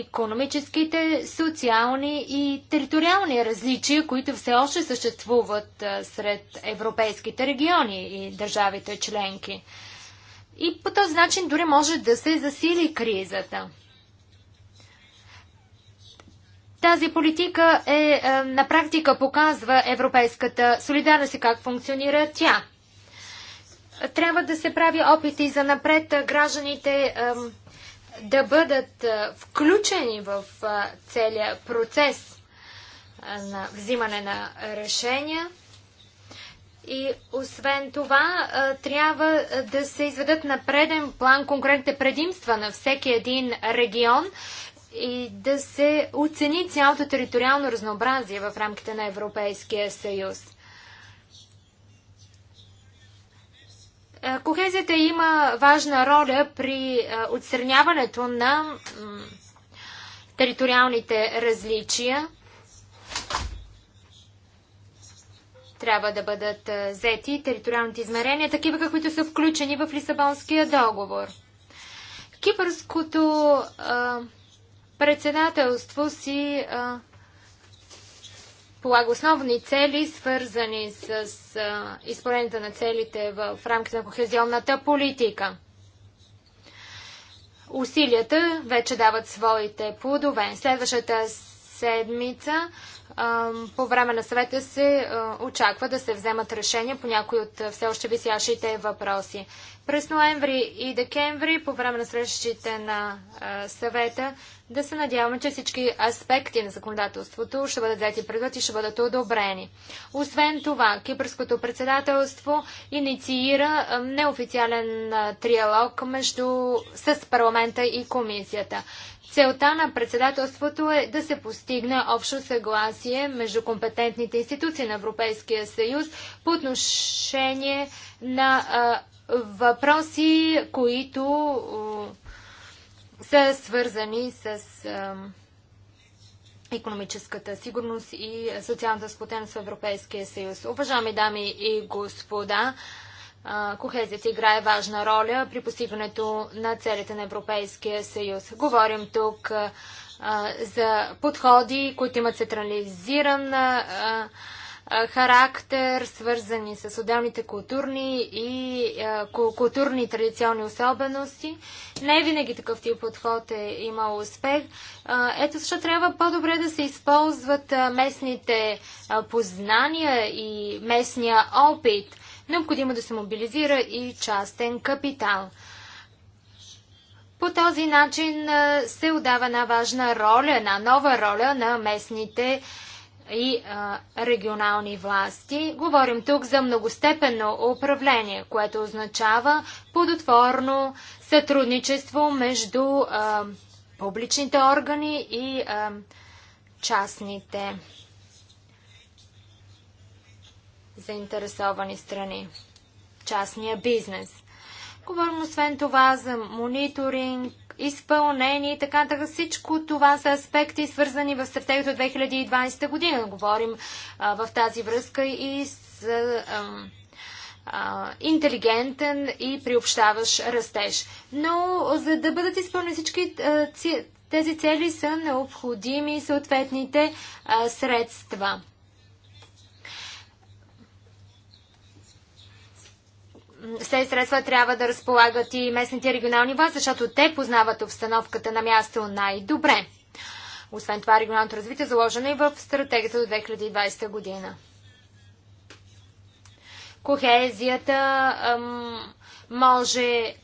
економическите, социални и териториални различия, които все още съществуват сред европейските региони и държавите членки. И по този начин дори може да се засили кризата. Тази политика е, е, на практика показва европейската солидарност и как функционира тя. Трябва да се прави опити за напред гражданите е, да бъдат е, включени в е, целия процес е, на взимане на решения. И освен това, трябва да се изведат на преден план конкретните предимства на всеки един регион, и да се оцени цялото териториално разнообразие в рамките на Европейския съюз. Е, кохезията има важна роля при е, отстраняването на териториалните различия. Трябва да бъдат е, взети териториалните измерения, такива каквито са включени в Лисабонския договор. Кипърското председателство си а, полага основни цели, свързани с а, изпълнението на целите в, в рамките на кохезионната политика. Усилията вече дават своите плодове. Следващата седмица по време на съвета се очаква да се вземат решения по някои от все още висящите въпроси. През ноември и декември, по време на срещите на съвета, да се надяваме, че всички аспекти на законодателството ще бъдат взети предвид и ще бъдат одобрени. Освен това, Кипърското председателство инициира неофициален триалог между, с парламента и комисията. Целта на председателството е да се постигне общо съгласие между компетентните институции на Европейския съюз по отношение на а, въпроси, които а, са свързани с а, економическата сигурност и социалната сплотеност в Европейския съюз. Уважаеми дами и господа, Кохезията играе важна роля при постигането на целите на Европейския съюз. Говорим тук за подходи, които имат централизиран характер, свързани с отделните културни и културни и традиционни особености. Не е винаги такъв тип подход е имал успех. Ето защо трябва по-добре да се използват местните познания и местния опит – Необходимо е да се мобилизира и частен капитал. По този начин се отдава една важна роля, една нова роля на местните и регионални власти. Говорим тук за многостепенно управление, което означава плодотворно сътрудничество между публичните органи и частните частните заинтересовани страни, частния бизнес. Говорим освен това за мониторинг, изпълнение и така, така. Всичко това са аспекти, свързани в стратегията 2020 година. Говорим а, в тази връзка и с а, а, интелигентен и приобщаващ растеж. Но за да бъдат изпълнени всички а, ци, тези цели са необходими съответните а, средства. с тези средства трябва да разполагат и местните регионални власти, защото те познават обстановката на място най-добре. Освен това, регионалното развитие е заложено и в стратегията до 2020 година. Кохезията ам, може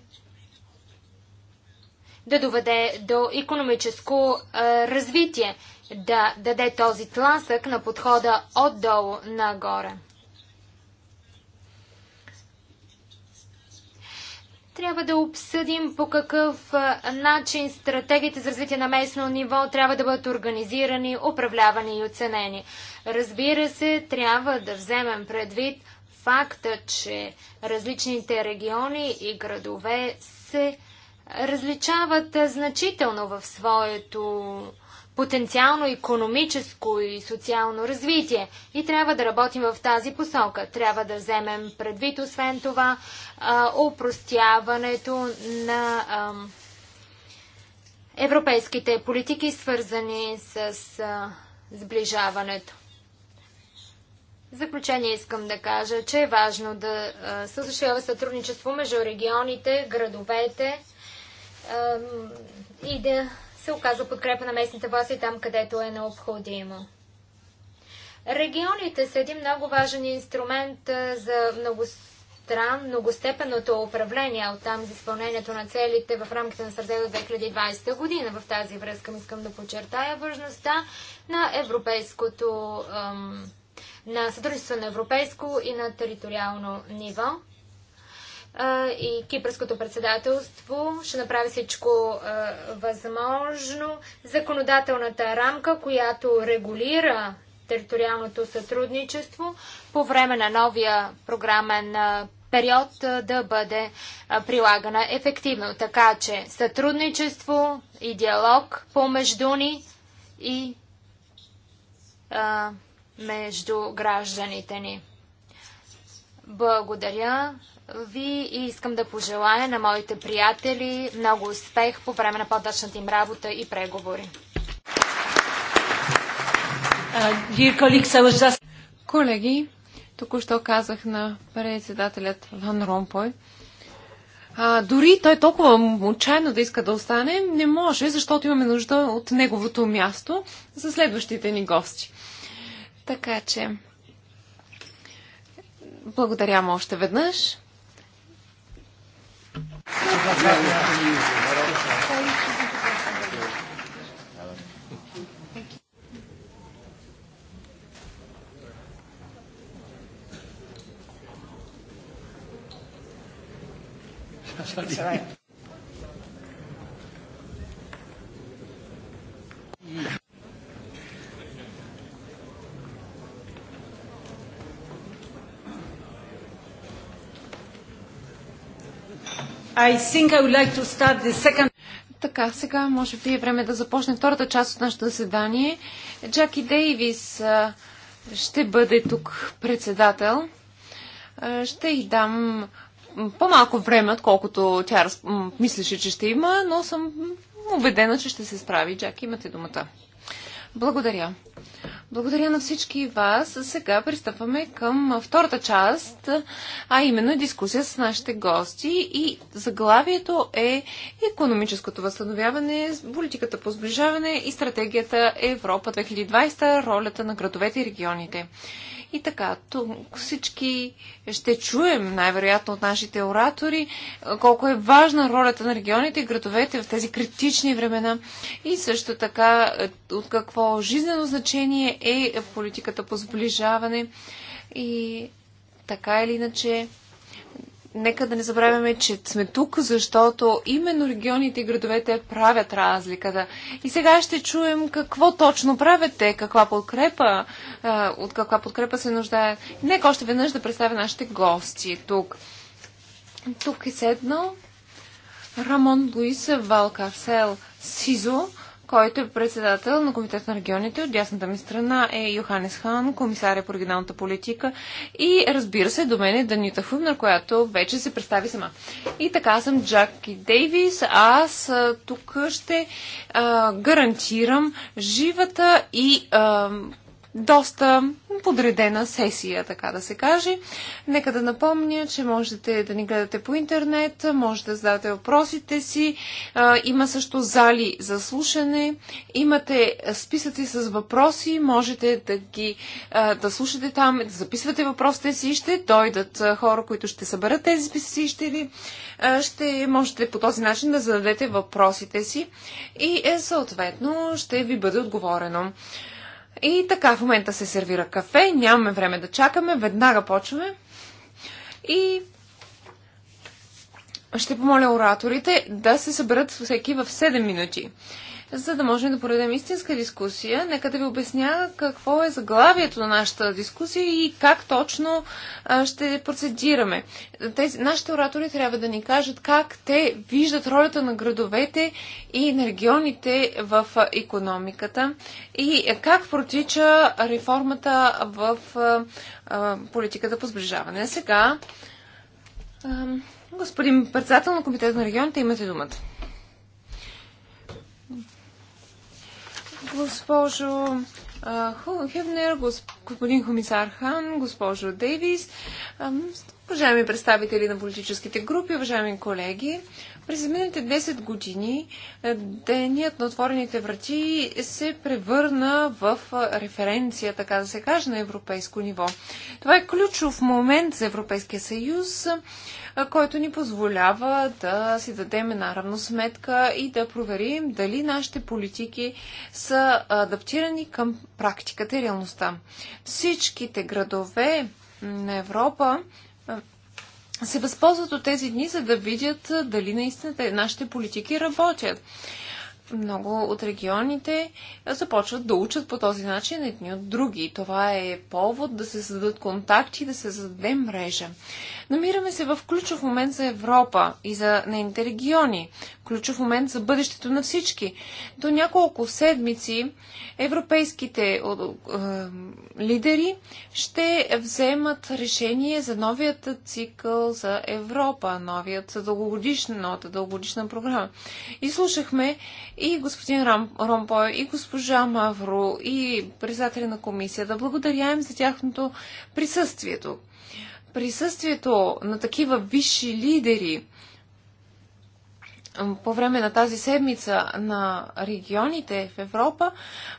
да доведе до економическо а, развитие, да даде този тласък на подхода отдолу нагоре. Трябва да обсъдим по какъв начин стратегиите за развитие на местно ниво трябва да бъдат организирани, управлявани и оценени. Разбира се, трябва да вземем предвид факта, че различните региони и градове се различават значително в своето потенциално економическо и социално развитие. И трябва да работим в тази посока. Трябва да вземем предвид, освен това, упростяването на европейските политики, свързани с сближаването. В заключение искам да кажа, че е важно да се осъществява сътрудничество между регионите, градовете и да се оказва подкрепа на местните власти там, където е необходимо. Регионите са един много важен инструмент за многостран, многостепенното управление, от там за изпълнението на целите в рамките на Стратегия 2020 година. В тази връзка искам да подчертая важността на европейското, на сътрудничество на европейско и на териториално ниво и кипърското председателство ще направи всичко възможно. Законодателната рамка, която регулира териториалното сътрудничество по време на новия програмен период да бъде прилагана ефективно. Така че сътрудничество и диалог помежду ни и а, между гражданите ни. Благодаря ви и искам да пожелая на моите приятели много успех по време на по-дъчната им работа и преговори. Колеги, току-що казах на председателят Ван Ромпой, а, дори той толкова отчаяно да иска да остане, не може, защото имаме нужда от неговото място за следващите ни гости. Така че, благодаря му още веднъж. That's all right. I think I would like to start the second... Така, сега може би е време да започне втората част от нашето заседание. Джаки Дейвис ще бъде тук председател. Ще й дам по-малко време, отколкото тя мислеше, че ще има, но съм убедена, че ще се справи. Джаки, имате думата. Благодаря. Благодаря на всички вас. Сега пристъпваме към втората част, а именно дискусия с нашите гости. И заглавието е економическото възстановяване, политиката по сближаване и стратегията Европа 2020, ролята на градовете и регионите. И така, тук всички ще чуем, най-вероятно от нашите оратори, колко е важна ролята на регионите и градовете в тези критични времена и също така е, от какво жизнено значение е политиката по сближаване и така или иначе нека да не забравяме, че сме тук, защото именно регионите и градовете правят разликата. И сега ще чуем какво точно правят те, каква подкрепа, от каква подкрепа се нуждаят. Нека още веднъж да представя нашите гости тук. Тук е седнал Рамон Луис Валкарсел Сизо, който е председател на Комитет на регионите. От дясната ми страна е Йоханес Хан, комисаря е по регионалната политика и разбира се до мен е Данита Фумнер, която вече се представи сама. И така съм Джаки Дейвис. Аз тук ще а, гарантирам живата и а, доста подредена сесия, така да се каже. Нека да напомня, че можете да ни гледате по интернет, можете да задавате въпросите си. Има също зали за слушане. Имате списъци с въпроси, можете да ги да слушате там, да записвате въпросите си ще дойдат хора, които ще съберат тези списъци и ще ви ще можете по този начин да зададете въпросите си и е, съответно ще ви бъде отговорено. И така, в момента се сервира кафе, нямаме време да чакаме, веднага почваме. И ще помоля ораторите да се съберат всеки в 7 минути за да можем да проведем истинска дискусия. Нека да ви обясня какво е заглавието на нашата дискусия и как точно ще процедираме. Тези, нашите оратори трябва да ни кажат как те виждат ролята на градовете и на регионите в економиката и как протича реформата в политиката по сближаване. Сега, господин председател на Комитет на регионите, имате думата. госпожо Хевнер, господин комисар Хан, госпожо Дейвис, уважаеми представители на политическите групи, уважаеми колеги. През изминалите 10 години е, денят на отворените врати се превърна в е, референция, така да се каже, на европейско ниво. Това е ключов момент за Европейския съюз, е, който ни позволява да си дадем наравно сметка и да проверим дали нашите политики са адаптирани към практиката и реалността. Всичките градове на Европа се възползват от тези дни, за да видят дали наистина нашите политики работят много от регионите започват да учат по този начин едни от други. Това е повод да се създадат контакти, да се създаде мрежа. Намираме се в ключов момент за Европа и за нейните региони. Ключов момент за бъдещето на всички. До няколко седмици европейските е, лидери ще вземат решение за новият цикъл за Европа, новият дългогодишна, новата дългогодишна програма. И слушахме и господин Рам, Ромпой, и госпожа Мавро, и председателя на комисия, да благодаря им за тяхното присъствието. Присъствието на такива висши лидери по време на тази седмица на регионите в Европа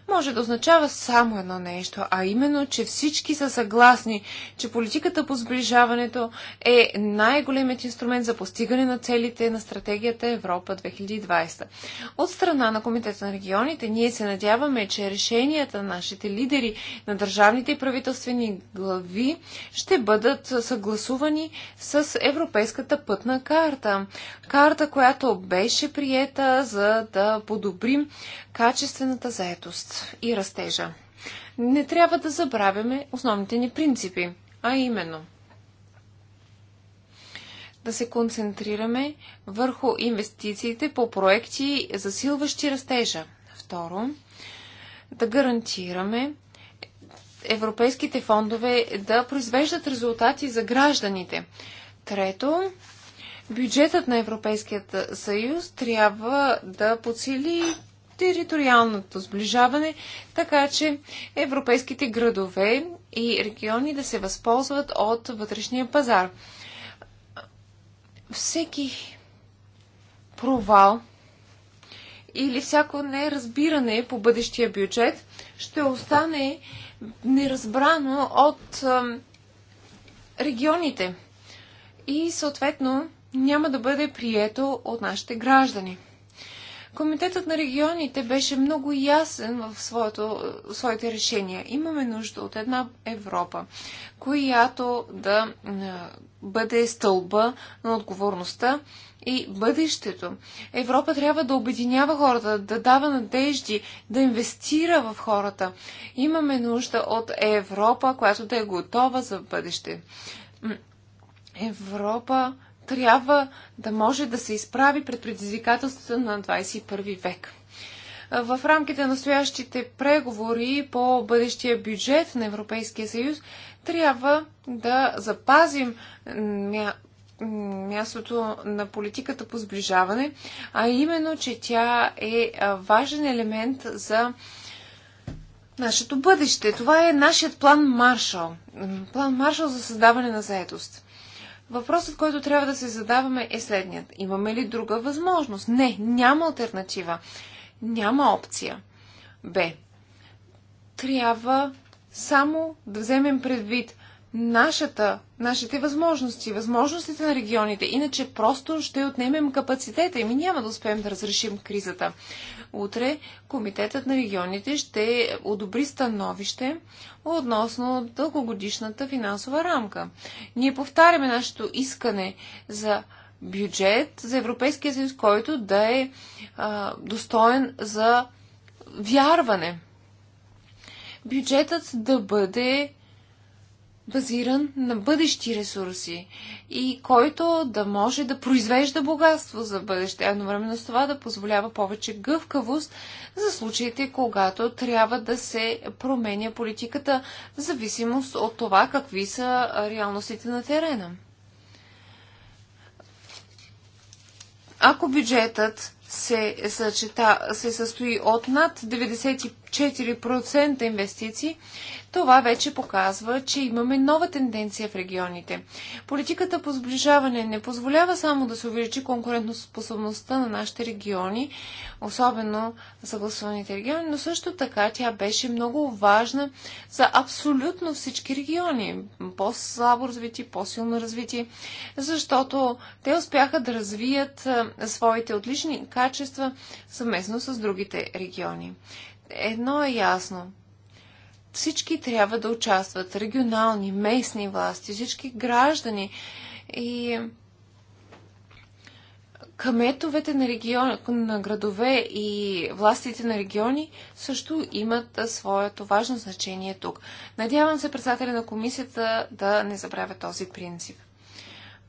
може да означава само едно нещо, а именно, че всички са съгласни, че политиката по сближаването е най-големият инструмент за постигане на целите на стратегията Европа 2020. От страна на Комитета на регионите ние се надяваме, че решенията на нашите лидери на държавните и правителствени глави ще бъдат съгласувани с Европейската пътна карта. Карта, която беше приета, за да подобрим качествената заетост и растежа. Не трябва да забравяме основните ни принципи, а именно да се концентрираме върху инвестициите по проекти, засилващи растежа. Второ, да гарантираме европейските фондове да произвеждат резултати за гражданите. Трето, бюджетът на Европейският съюз трябва да подсили териториалното сближаване, така че европейските градове и региони да се възползват от вътрешния пазар. Всеки провал или всяко неразбиране по бъдещия бюджет ще остане неразбрано от регионите. И съответно няма да бъде прието от нашите граждани. Комитетът на регионите беше много ясен в своето, своите решения. Имаме нужда от една Европа, която да е, бъде стълба на отговорността и бъдещето. Европа трябва да обединява хората, да дава надежди, да инвестира в хората. Имаме нужда от Европа, която да е готова за бъдеще. Европа, трябва да може да се изправи пред предизвикателствата на 21 век. В рамките на настоящите преговори по бъдещия бюджет на Европейския съюз трябва да запазим мястото на политиката по сближаване, а именно, че тя е важен елемент за нашето бъдеще. Това е нашият план Маршал. План Маршал за създаване на заедост. Въпросът, който трябва да се задаваме е следният. Имаме ли друга възможност? Не, няма альтернатива. Няма опция. Б. Трябва само да вземем предвид нашата, нашите възможности, възможностите на регионите. Иначе просто ще отнемем капацитета и ми няма да успеем да разрешим кризата утре Комитетът на регионите ще одобри становище относно дългогодишната финансова рамка. Ние повтаряме нашето искане за бюджет за Европейския съюз, който да е а, достоен за вярване. Бюджетът да бъде базиран на бъдещи ресурси и който да може да произвежда богатство за бъдеще, едновременно с това да позволява повече гъвкавост за случаите, когато трябва да се променя политиката в зависимост от това какви са реалностите на терена. Ако бюджетът се, съчета, се състои от над 95 4% инвестиции, това вече показва, че имаме нова тенденция в регионите. Политиката по сближаване не позволява само да се увеличи конкурентоспособността на нашите региони, особено съгласуваните региони, но също така тя беше много важна за абсолютно всички региони, по-слабо развити, по-силно развити, защото те успяха да развият своите отлични качества съвместно с другите региони едно е ясно. Всички трябва да участват. Регионални, местни власти, всички граждани. И Каметовете на, регион, на градове и властите на региони също имат своето важно значение тук. Надявам се председателя на комисията да не забравя този принцип.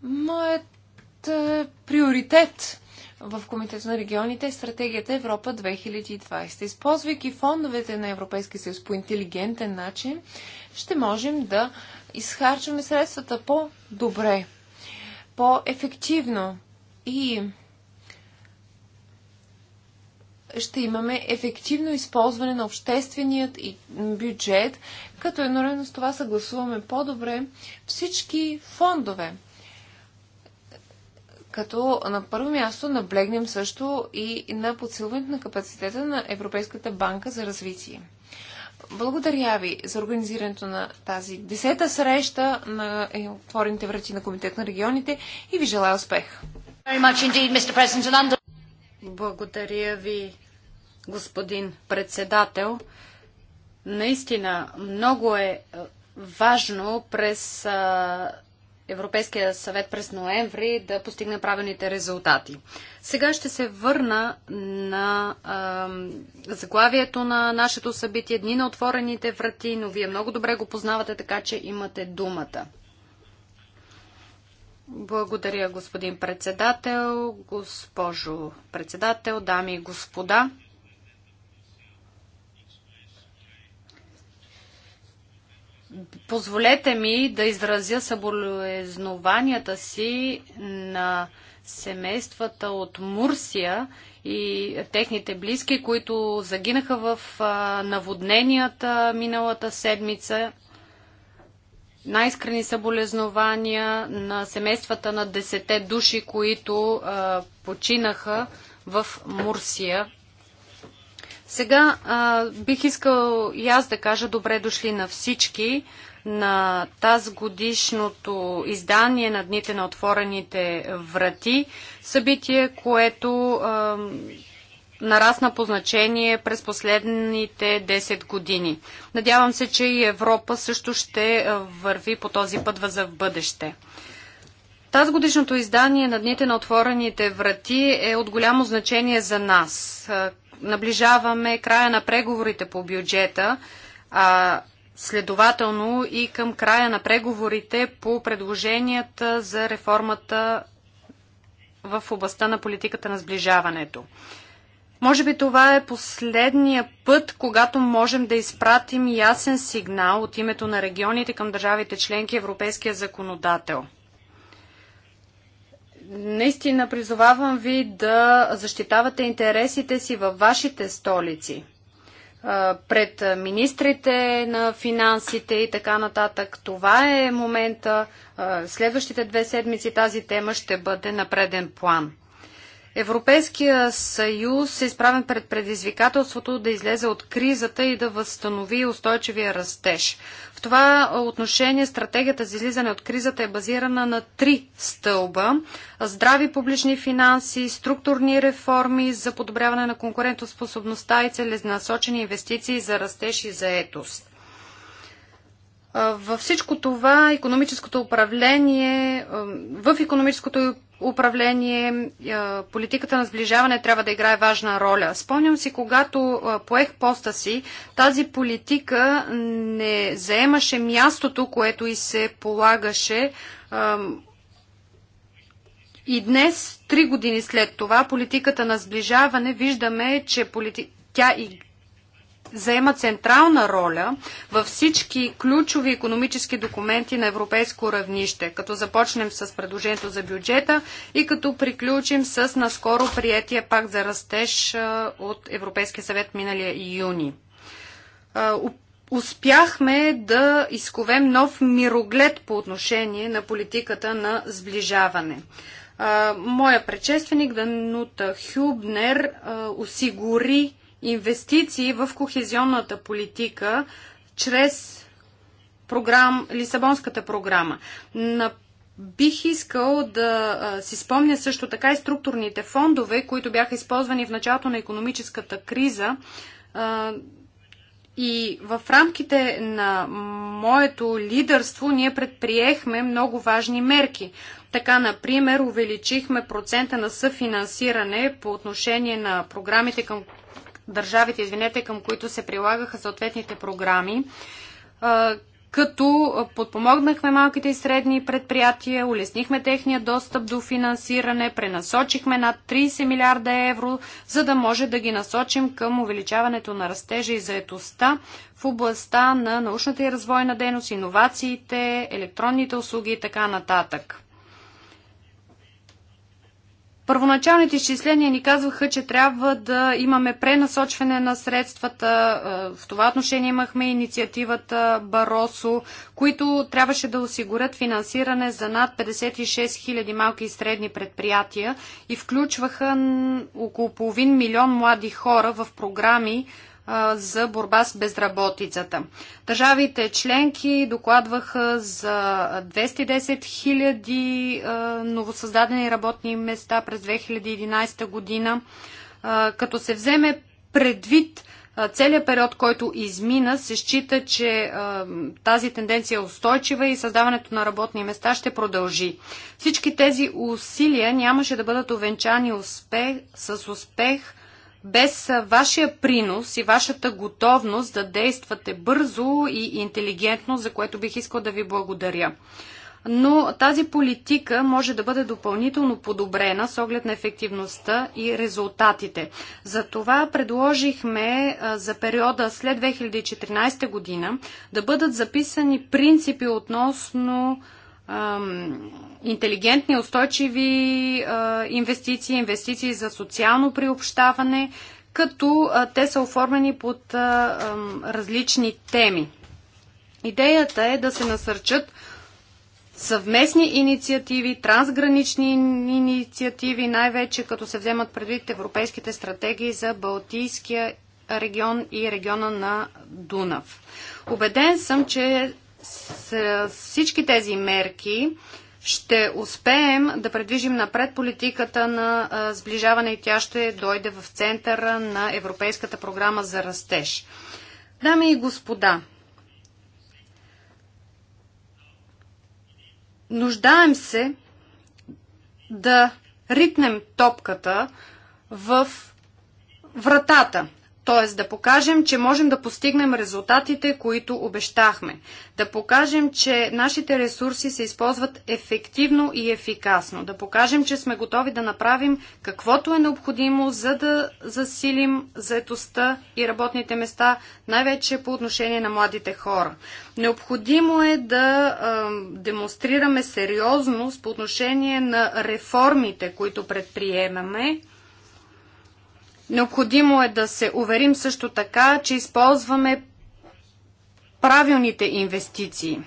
Моят приоритет в Комитета на регионите стратегията Европа 2020. Използвайки фондовете на Европейския съюз по интелигентен начин, ще можем да изхарчваме средствата по-добре, по-ефективно и ще имаме ефективно използване на общественият и бюджет, като едновременно с това съгласуваме по-добре всички фондове като на първо място наблегнем също и на подсилването на капацитета на Европейската банка за развитие. Благодаря ви за организирането на тази десета среща на е, отворените врати на Комитет на регионите и ви желая успех. Благодаря ви, господин председател. Наистина много е, е важно през Европейския съвет през ноември да постигне правилните резултати. Сега ще се върна на а, заглавието на нашето събитие Дни на отворените врати, но вие много добре го познавате, така че имате думата. Благодаря, господин председател, госпожо председател, дами и господа. Позволете ми да изразя съболезнованията си на семействата от Мурсия и техните близки, които загинаха в наводненията миналата седмица. Най-искрени съболезнования на семействата на десете души, които починаха в Мурсия сега а, бих искал и аз да кажа добре дошли на всички на тази годишното издание на Дните на отворените врати. Събитие, което а, нарасна по значение през последните 10 години. Надявам се, че и Европа също ще върви по този път за в бъдеще. Тази годишното издание на Дните на отворените врати е от голямо значение за нас наближаваме края на преговорите по бюджета, а следователно и към края на преговорите по предложенията за реформата в областта на политиката на сближаването. Може би това е последния път, когато можем да изпратим ясен сигнал от името на регионите към държавите членки Европейския законодател – наистина призовавам ви да защитавате интересите си във вашите столици пред министрите на финансите и така нататък. Това е момента. Следващите две седмици тази тема ще бъде на преден план. Европейския съюз е изправен пред предизвикателството да излезе от кризата и да възстанови устойчивия растеж. В това отношение стратегията за излизане от кризата е базирана на три стълба – здрави публични финанси, структурни реформи за подобряване на конкурентоспособността и целенасочени инвестиции за растеж и заетост. Във всичко това економическото управление, в економическото управление политиката на сближаване трябва да играе важна роля. Спомням си, когато поех поста си, тази политика не заемаше мястото, което и се полагаше и днес, три години след това, политиката на сближаване, виждаме, че тя и заема централна роля във всички ключови економически документи на европейско равнище, като започнем с предложението за бюджета и като приключим с наскоро приятия пакт за растеж от Европейския съвет миналия юни. Успяхме да изковем нов мироглед по отношение на политиката на сближаване моя предшественик Данута Хюбнер осигури инвестиции в кохезионната политика чрез програм, Лисабонската програма. На Бих искал да а, си спомня също така и структурните фондове, които бяха използвани в началото на економическата криза. А, и в рамките на моето лидерство ние предприехме много важни мерки. Така, например, увеличихме процента на съфинансиране по отношение на програмите към държавите, извинете, към които се прилагаха съответните програми, като подпомогнахме малките и средни предприятия, улеснихме техния достъп до финансиране, пренасочихме над 30 милиарда евро, за да може да ги насочим към увеличаването на растежа и заетостта в областта на научната и развойна дейност, иновациите, електронните услуги и така нататък. Първоначалните изчисления ни казваха, че трябва да имаме пренасочване на средствата. Е, в това отношение имахме инициативата Баросо, които трябваше да осигурят финансиране за над 56 000 малки и средни предприятия и включваха около половин милион млади хора в програми, за борба с безработицата. Държавите членки докладваха за 210 хиляди новосъздадени работни места през 2011 година, като се вземе предвид целият период, който измина, се счита, че тази тенденция е устойчива и създаването на работни места ще продължи. Всички тези усилия нямаше да бъдат овенчани успех, с успех – без вашия принос и вашата готовност да действате бързо и интелигентно, за което бих искал да ви благодаря. Но тази политика може да бъде допълнително подобрена с оглед на ефективността и резултатите. Затова предложихме за периода след 2014 година да бъдат записани принципи относно ам, интелигентни, устойчиви а, инвестиции, инвестиции за социално приобщаване, като а, те са оформени под а, различни теми. Идеята е да се насърчат съвместни инициативи, трансгранични инициативи, най-вече като се вземат предвид европейските стратегии за Балтийския регион и региона на Дунав. Обеден съм, че с всички тези мерки ще успеем да предвижим напред политиката на сближаване и тя ще дойде в центъра на Европейската програма за растеж. Дами и господа, нуждаем се да ритнем топката в вратата – т.е. да покажем, че можем да постигнем резултатите, които обещахме. Да покажем, че нашите ресурси се използват ефективно и ефикасно. Да покажем, че сме готови да направим каквото е необходимо, за да засилим заетостта и работните места, най-вече по отношение на младите хора. Необходимо е да а, демонстрираме сериозност по отношение на реформите, които предприемаме Необходимо е да се уверим също така, че използваме правилните инвестиции.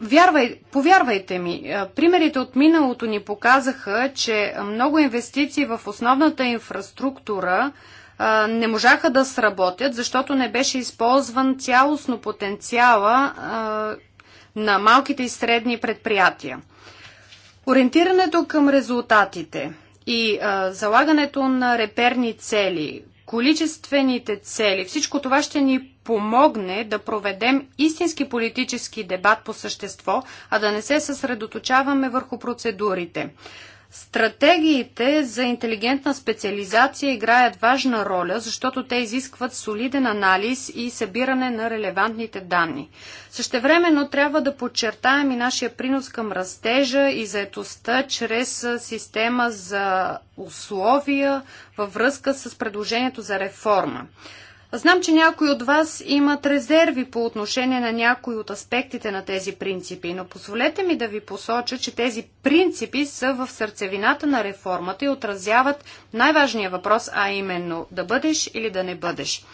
Вярвай, повярвайте ми, примерите от миналото ни показаха, че много инвестиции в основната инфраструктура не можаха да сработят, защото не беше използван цялостно потенциала на малките и средни предприятия. Ориентирането към резултатите – и а, залагането на реперни цели, количествените цели, всичко това ще ни помогне да проведем истински политически дебат по същество, а да не се съсредоточаваме върху процедурите. Стратегиите за интелигентна специализация играят важна роля, защото те изискват солиден анализ и събиране на релевантните данни. Същевременно трябва да подчертаем и нашия принос към растежа и заетостта чрез система за условия във връзка с предложението за реформа. Знам, че някои от вас имат резерви по отношение на някои от аспектите на тези принципи, но позволете ми да ви посоча, че тези принципи са в сърцевината на реформата и отразяват най-важния въпрос, а именно да бъдеш или да не бъдеш.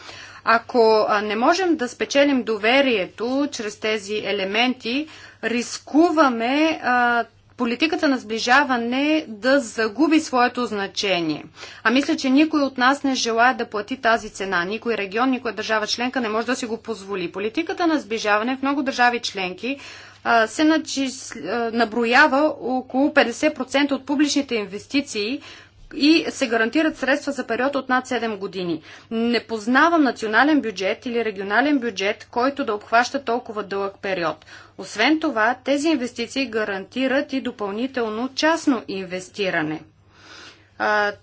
Ако не можем да спечелим доверието чрез тези елементи, рискуваме а, политиката на сближаване да загуби своето значение. А мисля, че никой от нас не желая да плати тази цена. Никой регион, никоя държава членка не може да си го позволи. Политиката на сближаване в много държави членки се наброява около 50% от публичните инвестиции, и се гарантират средства за период от над 7 години. Не познавам национален бюджет или регионален бюджет, който да обхваща толкова дълъг период. Освен това, тези инвестиции гарантират и допълнително частно инвестиране.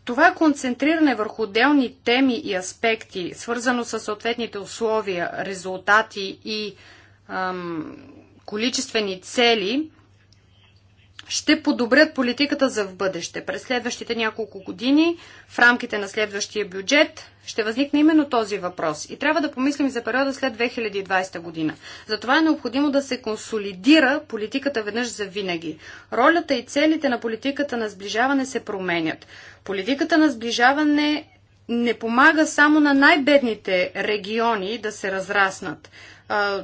Това концентриране върху отделни теми и аспекти, свързано с съответните условия, резултати и ам, количествени цели – ще подобрят политиката за в бъдеще. През следващите няколко години, в рамките на следващия бюджет, ще възникне именно този въпрос. И трябва да помислим за периода след 2020 година. Затова е необходимо да се консолидира политиката веднъж за винаги. Ролята и целите на политиката на сближаване се променят. Политиката на сближаване не помага само на най-бедните региони да се разраснат.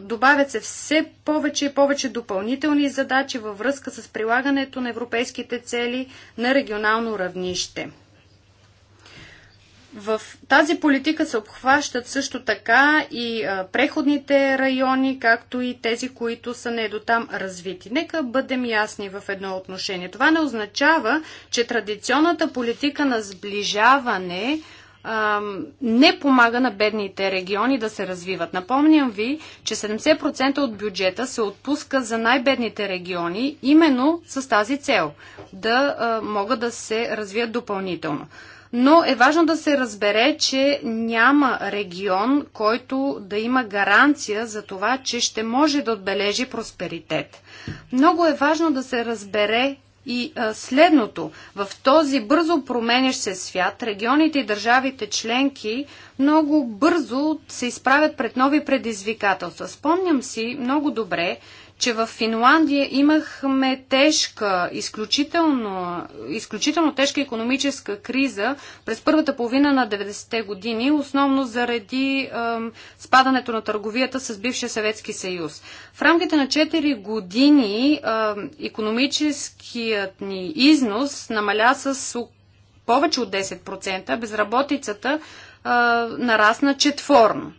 Добавят се все повече и повече допълнителни задачи във връзка с прилагането на европейските цели на регионално равнище. В тази политика се обхващат също така и преходните райони, както и тези, които са не до там развити. Нека бъдем ясни в едно отношение. Това не означава, че традиционната политика на сближаване не помага на бедните региони да се развиват. Напомням ви, че 70% от бюджета се отпуска за най-бедните региони именно с тази цел да могат да се развият допълнително. Но е важно да се разбере, че няма регион, който да има гаранция за това, че ще може да отбележи просперитет. Много е важно да се разбере и а, следното. В този бързо променящ се свят регионите и държавите членки много бързо се изправят пред нови предизвикателства. Спомням си много добре че в Финландия имахме тежка, изключително, изключително тежка економическа криза през първата половина на 90-те години, основно заради ем, спадането на търговията с бившия Съветски съюз. В рамките на 4 години ем, економическият ни износ намаля с повече от 10%, безработицата е, нарасна четворно.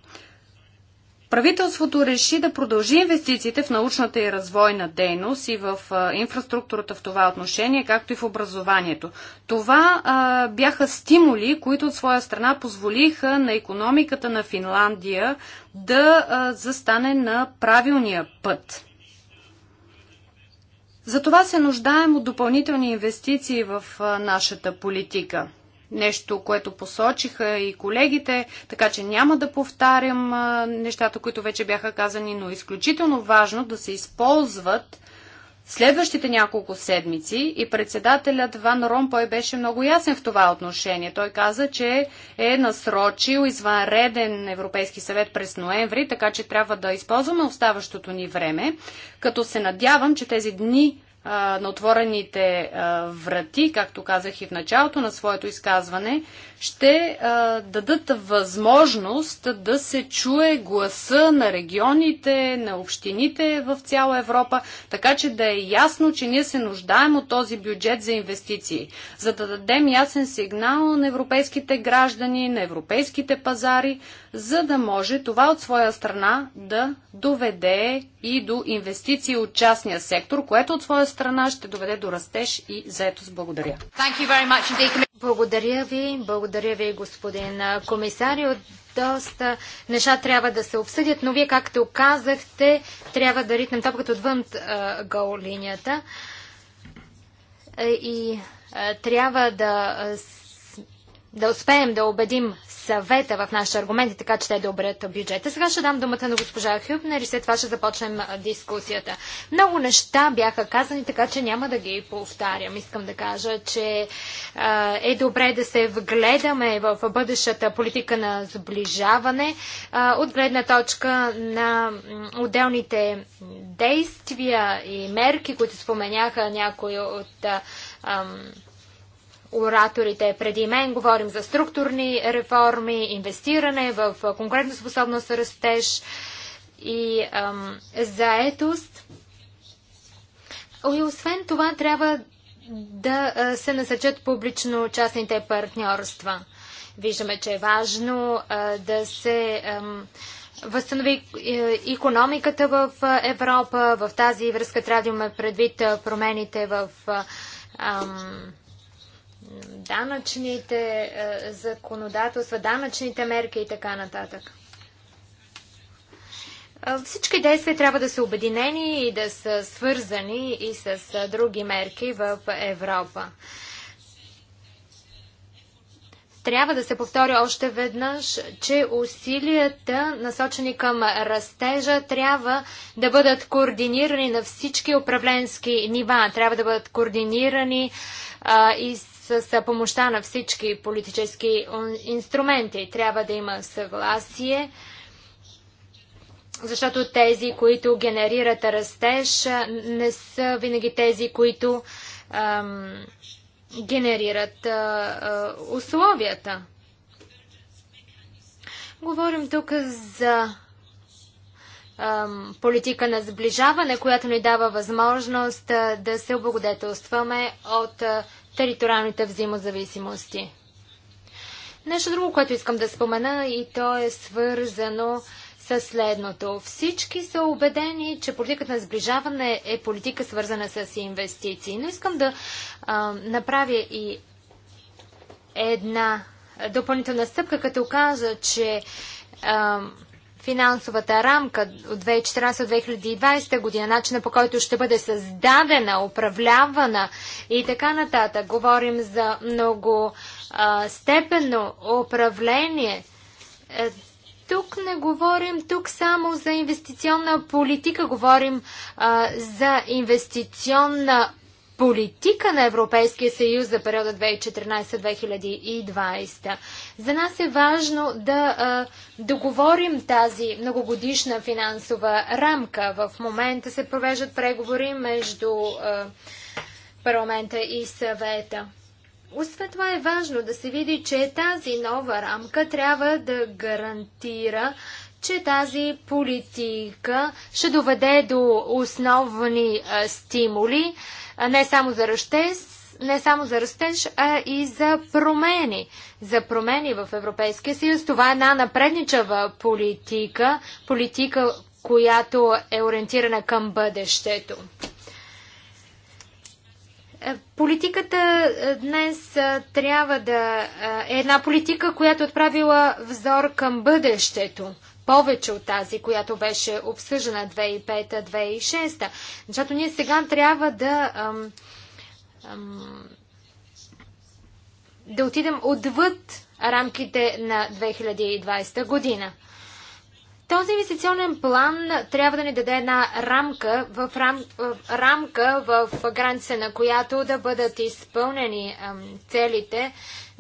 Правителството реши да продължи инвестициите в научната и развойна дейност и в инфраструктурата в това отношение, както и в образованието. Това а, бяха стимули, които от своя страна позволиха на економиката на Финландия да а, застане на правилния път. Затова се нуждаем от допълнителни инвестиции в а, нашата политика – нещо, което посочиха и колегите, така че няма да повтарям нещата, които вече бяха казани, но е изключително важно да се използват следващите няколко седмици и председателят Ван Ромпой беше много ясен в това отношение. Той каза, че е насрочил извънреден Европейски съвет през ноември, така че трябва да използваме оставащото ни време, като се надявам, че тези дни на отворените врати, както казах и в началото на своето изказване, ще дадат възможност да се чуе гласа на регионите, на общините в цяла Европа, така че да е ясно, че ние се нуждаем от този бюджет за инвестиции, за да дадем ясен сигнал на европейските граждани, на европейските пазари, за да може това от своя страна да доведе и до инвестиции от частния сектор, което от своя страна ще доведе до растеж и заетост. Благодаря. Благодаря ви, благодаря ви, господин комисарио. Доста неща трябва да се обсъдят, но вие, както казахте, трябва да ритнем топката отвън гол линията. Е, и трябва да да успеем да убедим съвета в нашите аргументи, така че те да обрят бюджета. Сега ще дам думата на госпожа Хюбнер и след това ще започнем дискусията. Много неща бяха казани, така че няма да ги повтарям. Искам да кажа, че е добре да се вгледаме в бъдещата политика на сближаване от гледна точка на отделните действия и мерки, които споменяха някои от ораторите преди мен. Говорим за структурни реформи, инвестиране в конкретно способност растеж и ам, заетост. И освен това трябва да се насъчат публично-частните партньорства. Виждаме, че е важно а, да се ам, възстанови економиката в Европа. В тази връзка трябва да имаме предвид промените в ам, данъчните е, законодателства, данъчните мерки и така нататък. Е, всички действия трябва да са обединени и да са свързани и с е, други мерки в Европа. Трябва да се повтори още веднъж, че усилията, насочени към растежа, трябва да бъдат координирани на всички управленски нива. Трябва да бъдат координирани а, и с помощта на всички политически инструменти. Трябва да има съгласие, защото тези, които генерират растеж, не са винаги тези, които ам, генерират а, а, условията. Говорим тук за политика на сближаване, която ни дава възможност да се облагодетелстваме от териториалните взаимозависимости. Нещо друго, което искам да спомена и то е свързано с следното. Всички са убедени, че политиката на сближаване е политика свързана с инвестиции. Но искам да а, направя и една допълнителна стъпка, като каза, че а, финансовата рамка от 2014-2020 година, начина по който ще бъде създадена, управлявана и така нататък. Говорим за много а, степенно управление. Е, тук не говорим тук само за инвестиционна политика, говорим а, за инвестиционна политика на Европейския съюз за периода 2014-2020. За нас е важно да договорим да тази многогодишна финансова рамка. В момента се провеждат преговори между парламента и съвета. Освен това е важно да се види, че тази нова рамка трябва да гарантира, че тази политика ще доведе до основни а, стимули не само за растеж, не само за растеж, а и за промени. За промени в Европейския съюз. Това е една напредничава политика, политика, която е ориентирана към бъдещето. Е, политиката е, днес е, трябва да е една политика, която отправила взор към бъдещето повече от тази, която беше обсъждана 2005-2006. Защото ние сега трябва да. Ам, ам, да отидем отвъд рамките на 2020 година. Този инвестиционен план трябва да ни даде една рамка, в рам, рамка в граница на която да бъдат изпълнени целите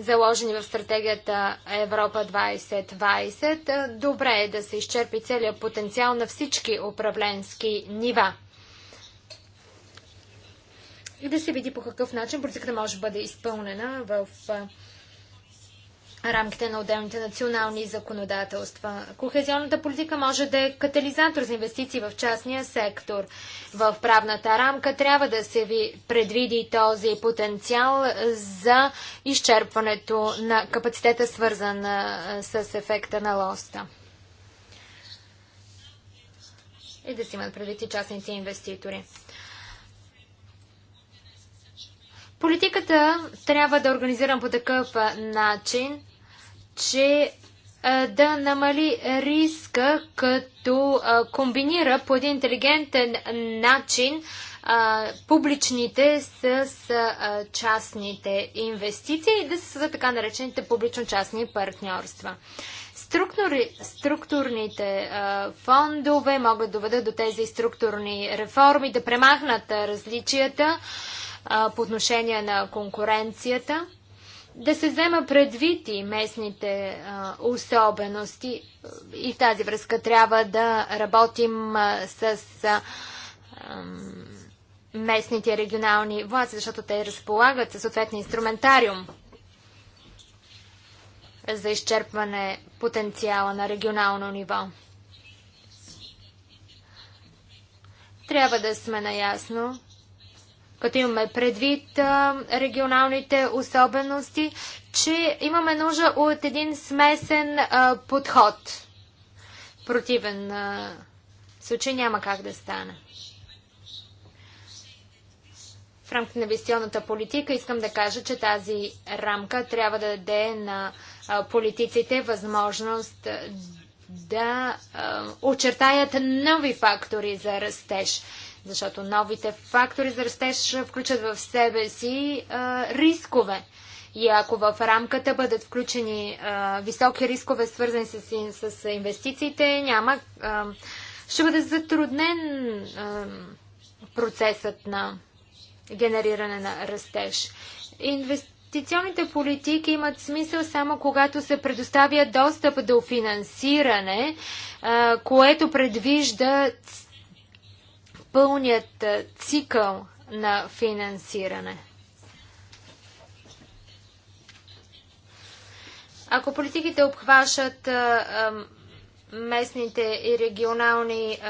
заложени в стратегията Европа 2020. Добре е да се изчерпи целият потенциал на всички управленски нива. И да се види по какъв начин политиката може да бъде изпълнена в рамките на отделните национални законодателства. Кохезионната политика може да е катализатор за инвестиции в частния сектор. В правната рамка трябва да се ви предвиди този потенциал за изчерпването на капацитета, свързан с ефекта на лоста. И да си имат предвид и частните инвеститори. Политиката трябва да организирам по такъв начин, че да намали риска, като комбинира по един интелигентен начин публичните с частните инвестиции и да се създадат така наречените публично-частни партньорства. Структури, структурните фондове могат да доведат до тези структурни реформи, да премахнат различията по отношение на конкуренцията да се взема предвид и местните а, особености. И в тази връзка трябва да работим а, с а, местните регионални власти, защото те разполагат със съответния инструментариум за изчерпване потенциала на регионално ниво. Трябва да сме наясно, като имаме предвид регионалните особености, че имаме нужда от един смесен подход. Противен случай няма как да стане. В рамките на инвестиционната политика искам да кажа, че тази рамка трябва да даде на политиците възможност да очертаят нови фактори за растеж. Защото новите фактори за растеж включат в себе си а, рискове. И ако в рамката бъдат включени а, високи рискове, свързани с, с инвестициите, няма. А, ще бъде затруднен а, процесът на генериране на растеж. Инвестиционните политики имат смисъл само когато се предоставя достъп до финансиране, а, което предвижда пълният цикъл на финансиране. Ако политиките обхващат местните и регионални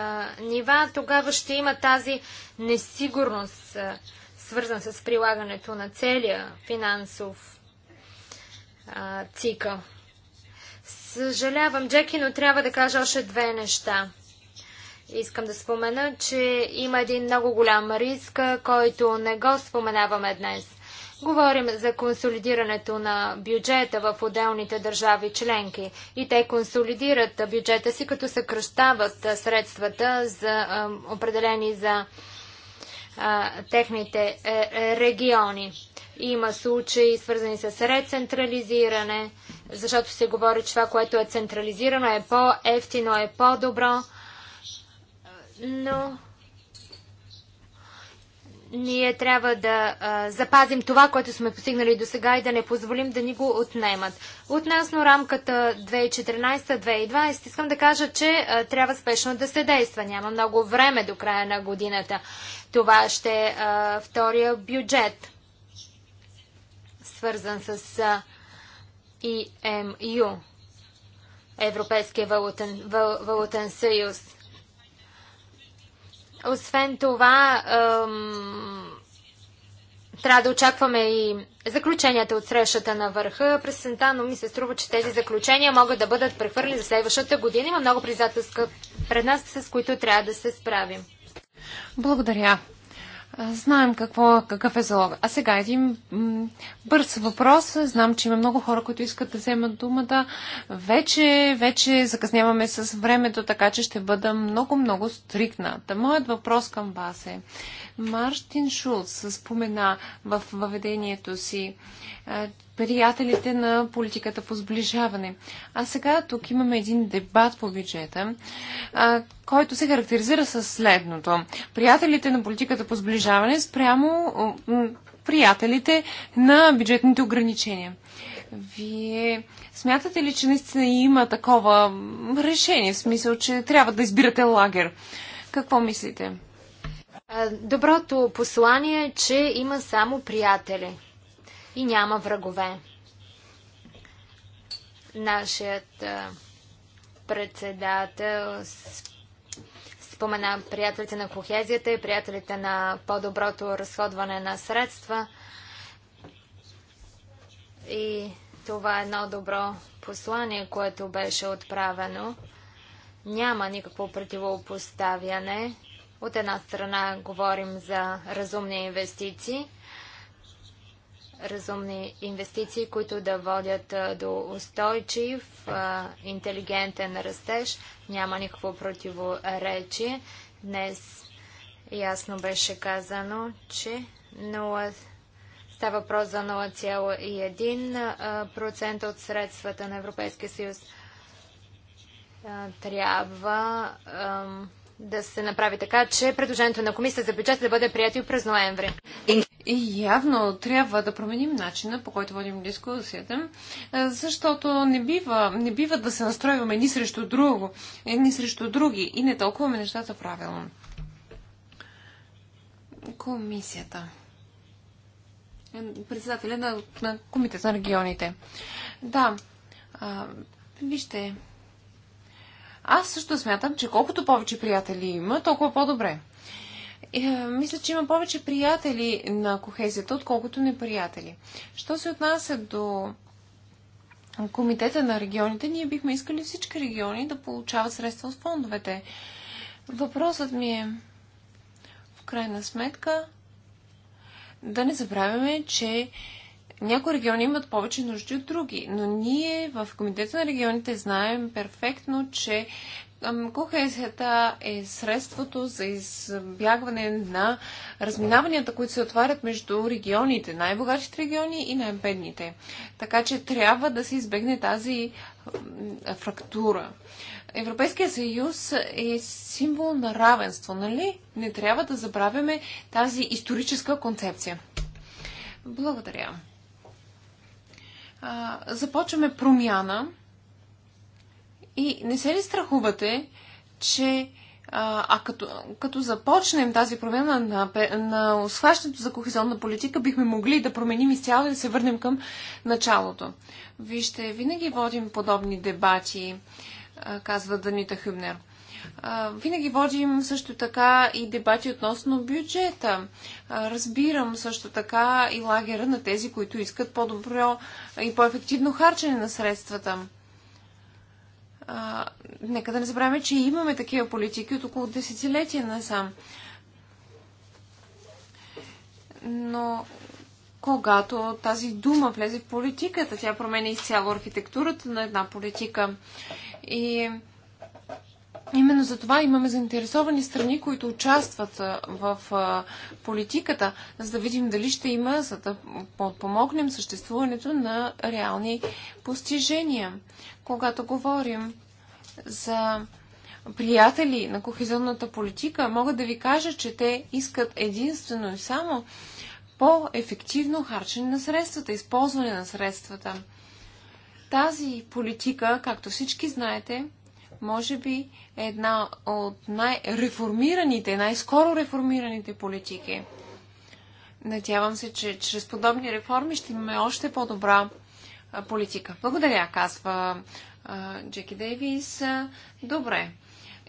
нива, тогава ще има тази несигурност, свързана свързан с прилагането на целия финансов цикъл. Съжалявам, Джеки, но трябва да кажа още две неща. Искам да спомена, че има един много голям риск, който не го споменаваме днес. Говорим за консолидирането на бюджета в отделните държави членки и те консолидират бюджета си, като съкръщават средствата за, определени за техните е, е, региони. Има случаи свързани с рецентрализиране, защото се говори, че това, което е централизирано е по-ефтино, е по-добро но ние трябва да а, запазим това, което сме постигнали до сега и да не позволим да ни го отнемат. Относно рамката 2014-2020, искам да кажа, че а, трябва спешно да се действа. Няма много време до края на годината. Това ще е втория бюджет, свързан с а, EMU, Европейския валутен, валутен съюз. Освен това, трябва да очакваме и заключенията от срещата на върха. През сента, но ми се струва, че тези заключения могат да бъдат прехвърли за следващата година. Има много предизвикателства пред нас, с които трябва да се справим. Благодаря знаем какво, какъв е залог. А сега един бърз въпрос. Знам, че има много хора, които искат да вземат думата. Вече, вече закъсняваме с времето, така че ще бъда много-много стрикна. Та моят въпрос към вас е. Мартин Шулц спомена в въведението си, приятелите на политиката по сближаване. А сега тук имаме един дебат по бюджета, а, който се характеризира със следното. Приятелите на политиката по сближаване спрямо приятелите на бюджетните ограничения. Вие смятате ли, че наистина има такова решение, в смисъл, че трябва да избирате лагер? Какво мислите? Доброто послание е, че има само приятели и няма врагове. Нашият председател спомена приятелите на кохезията и приятелите на по-доброто разходване на средства. И това е едно добро послание, което беше отправено. Няма никакво противопоставяне. От една страна говорим за разумни инвестиции, разумни инвестиции, които да водят до устойчив, интелигентен растеж. Няма никакво противоречие. Днес ясно беше казано, че 0, става въпрос за 0,1% от средствата на Европейския съюз. Трябва да се направи така, че предложението на комисията за бюджет да бъде прието и през ноември. И явно трябва да променим начина, по който водим дискусията, е, защото не бива, не бива да се настроиваме ни срещу друго, ни срещу други и не толкова нещата правилно. Комисията. Е, председателя на, на Комитета на регионите. Да, а, вижте, аз също смятам, че колкото повече приятели има, толкова по-добре. Е, мисля, че има повече приятели на кохезията, отколкото неприятели. Що се отнася до Комитета на регионите, ние бихме искали всички региони да получават средства от фондовете. Въпросът ми е, в крайна сметка, да не забравяме, че някои региони имат повече нужди от други, но ние в Комитета на регионите знаем перфектно, че Кохезията е средството за избягване на разминаванията, които се отварят между регионите, най-богатите региони и най-бедните. Така че трябва да се избегне тази фрактура. Европейския съюз е символ на равенство, нали? Не трябва да забравяме тази историческа концепция. Благодаря. Започваме промяна и не се ли страхувате, че а, а като, като започнем тази промяна на, на схващането за кохезионна политика, бихме могли да променим изцяло и да се върнем към началото. Вижте, винаги водим подобни дебати, а, казва Данита Хюмнер. винаги водим също така и дебати относно бюджета. разбирам също така и лагера на тези, които искат по-добро и по-ефективно харчене на средствата. А, нека да не забравяме, че имаме такива политики от около десетилетия насам. Но когато тази дума влезе в политиката, тя променя изцяло архитектурата на една политика. И Именно за това имаме заинтересовани страни, които участват в политиката, за да видим дали ще има, за да подпомогнем съществуването на реални постижения когато говорим за приятели на кохезионната политика, мога да ви кажа, че те искат единствено и само по-ефективно харчене на средствата, използване на средствата. Тази политика, както всички знаете, може би е една от най-реформираните, най-скоро реформираните политики. Надявам се, че чрез подобни реформи ще имаме още по-добра политика. Благодаря, казва Джеки Дейвис. Добре.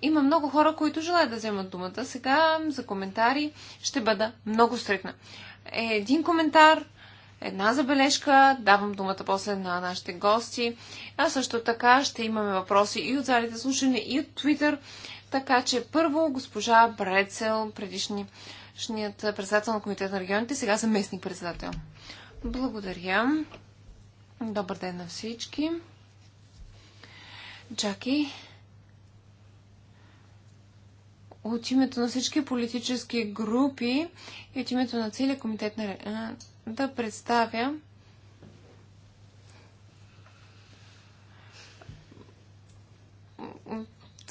Има много хора, които желаят да вземат думата. Сега за коментари ще бъда много стрикна. Е, един коментар, една забележка, давам думата после на нашите гости. А също така ще имаме въпроси и от залите слушане, и от Твитър. Така че първо госпожа Брецел, предишният председател на Комитет на регионите, сега местник председател. Благодаря. Добър ден на всички. Джаки, от името на всички политически групи и от името на целия комитет на, да представя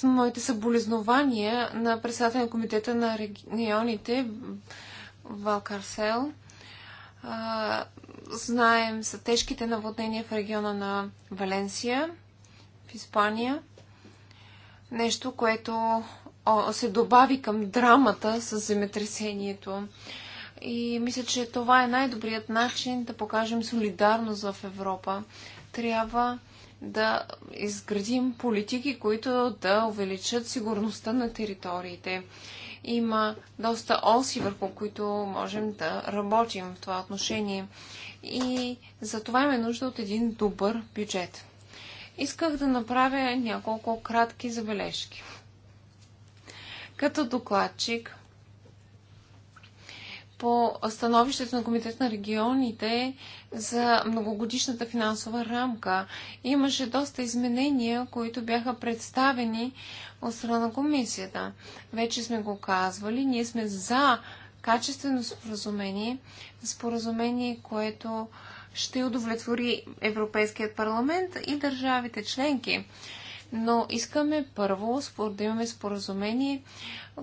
моите съболезнования на председателя на комитета на регионите Валкарсел знаем са тежките наводнения в региона на Валенсия, в Испания. Нещо, което се добави към драмата с земетресението. И мисля, че това е най-добрият начин да покажем солидарност в Европа. Трябва да изградим политики, които да увеличат сигурността на териториите. Има доста оси, върху които можем да работим в това отношение и за това имаме нужда от един добър бюджет. Исках да направя няколко кратки забележки. Като докладчик по становището на Комитет на регионите за многогодишната финансова рамка. Имаше доста изменения, които бяха представени от страна на комисията. Вече сме го казвали, ние сме за качествено споразумение, споразумение, което ще удовлетвори Европейският парламент и държавите членки. Но искаме първо да имаме споразумение,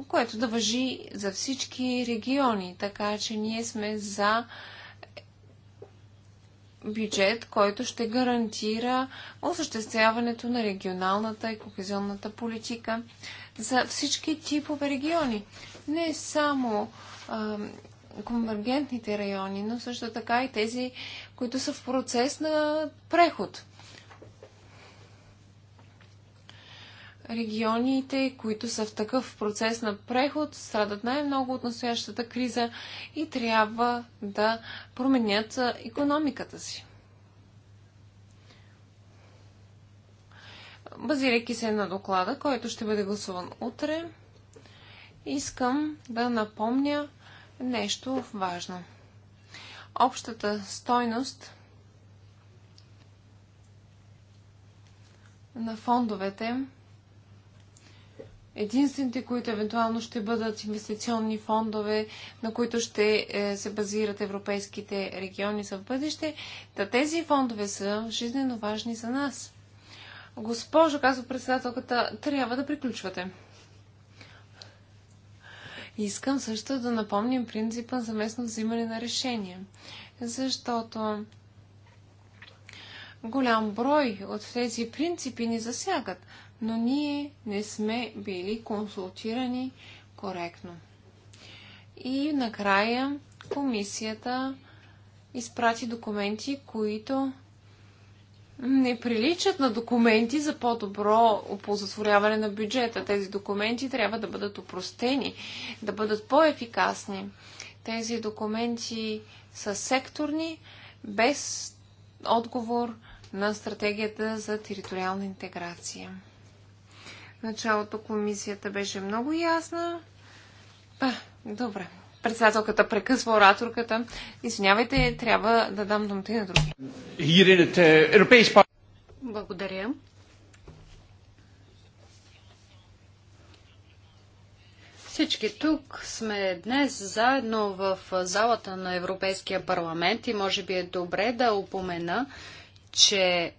което да въжи за всички региони, така че ние сме за бюджет, който ще гарантира осъществяването на регионалната и кохезионната политика за всички типове региони. Не само конвергентните райони, но също така и тези, които са в процес на преход. Регионите, които са в такъв процес на преход, страдат най-много от настоящата криза и трябва да променят економиката си. базирайки се на доклада, който ще бъде гласуван утре, искам да напомня нещо важно. Общата стойност на фондовете, единствените, които евентуално ще бъдат инвестиционни фондове, на които ще е, се базират европейските региони за в бъдеще, да тези фондове са жизненно важни за нас. Госпожо, казва председателката, трябва да приключвате. Искам също да напомним принципа за местно взимане на решения, защото голям брой от тези принципи ни засягат, но ние не сме били консултирани коректно. И накрая комисията изпрати документи, които не приличат на документи за по-добро оползотворяване на бюджета. Тези документи трябва да бъдат опростени, да бъдат по-ефикасни. Тези документи са секторни, без отговор на стратегията за териториална интеграция. В началото комисията беше много ясна. Па, добре. Председателката прекъсва ораторката. Извинявайте, трябва да дам думата и на други. Eh, Благодаря. Всички тук сме днес заедно в залата на Европейския парламент и може би е добре да упомена, че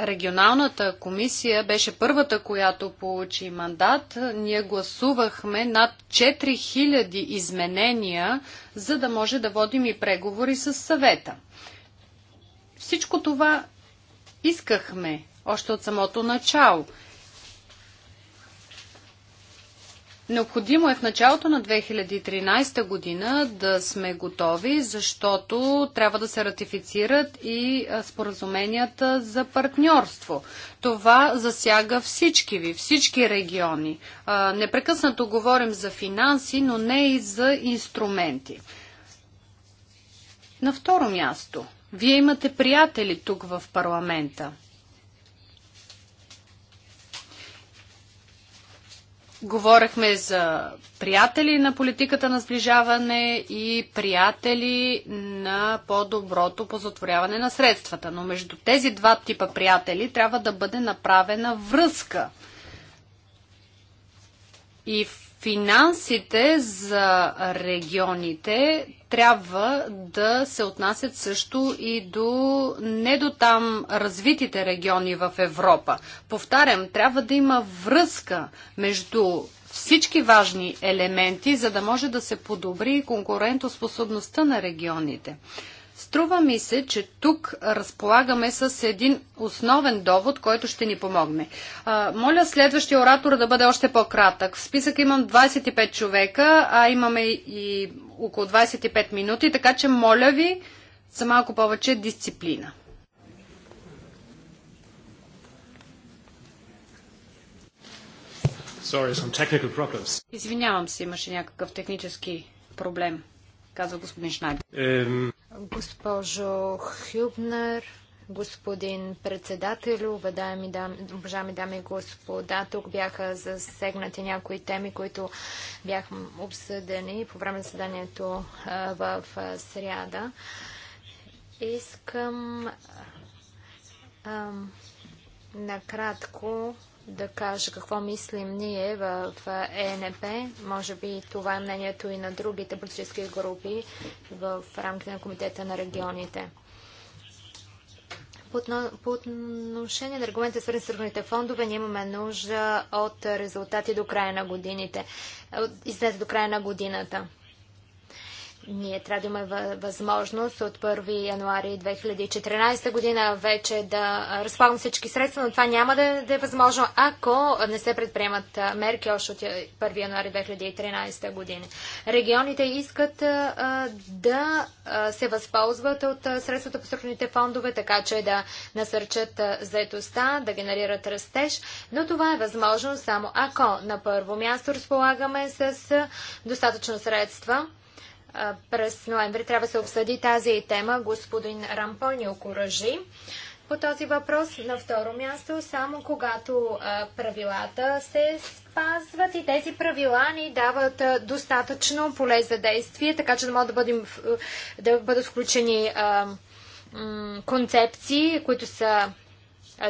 Регионалната комисия беше първата, която получи мандат. Ние гласувахме над 4000 изменения, за да може да водим и преговори с съвета. Всичко това искахме още от самото начало. Необходимо е в началото на 2013 година да сме готови, защото трябва да се ратифицират и споразуменията за партньорство. Това засяга всички ви, всички региони. Непрекъснато говорим за финанси, но не и за инструменти. На второ място, вие имате приятели тук в парламента. Говорехме за приятели на политиката на сближаване и приятели на по-доброто позатворяване на средствата. Но между тези два типа приятели трябва да бъде направена връзка. И в финансите за регионите трябва да се отнасят също и до не до там развитите региони в Европа. Повтарям, трябва да има връзка между всички важни елементи, за да може да се подобри конкурентоспособността на регионите. Струва ми се, че тук разполагаме с един основен довод, който ще ни помогне. А, моля следващия оратор да бъде още по-кратък. В списък имам 25 човека, а имаме и около 25 минути, така че моля ви за малко повече дисциплина. Извинявам се, имаше някакъв технически проблем казва господин Шнайдер. Ем... Госпожо Хюбнер, господин председател, уважаеми дами, уважаеми дами и господа, тук бяха засегнати някои теми, които бяха обсъдени по време на съданието в сряда. Искам а, накратко да кажа какво мислим ние в ЕНП. Може би това е мнението и на другите политически групи в рамките на Комитета на регионите. По отношение на аргументите, свързани с регионалните фондове, ние имаме нужда от резултати до края на годините. Излезе до края на годината. Ние трябва да имаме възможност от 1 януари 2014 година вече да разполагам всички средства, но това няма да, да е възможно, ако не се предприемат мерки още от 1 януари 2013 година. Регионите искат да се възползват от средствата по структурните фондове, така че да насърчат заетостта, да генерират растеж, но това е възможно само ако на първо място разполагаме с достатъчно средства, през ноември трябва да се обсъди тази тема. Господин Рампо ни окоръжи по този въпрос. На второ място, само когато правилата се спазват и тези правила ни дават достатъчно поле за действие, така че да могат да, бъдем, да бъдат включени концепции, които са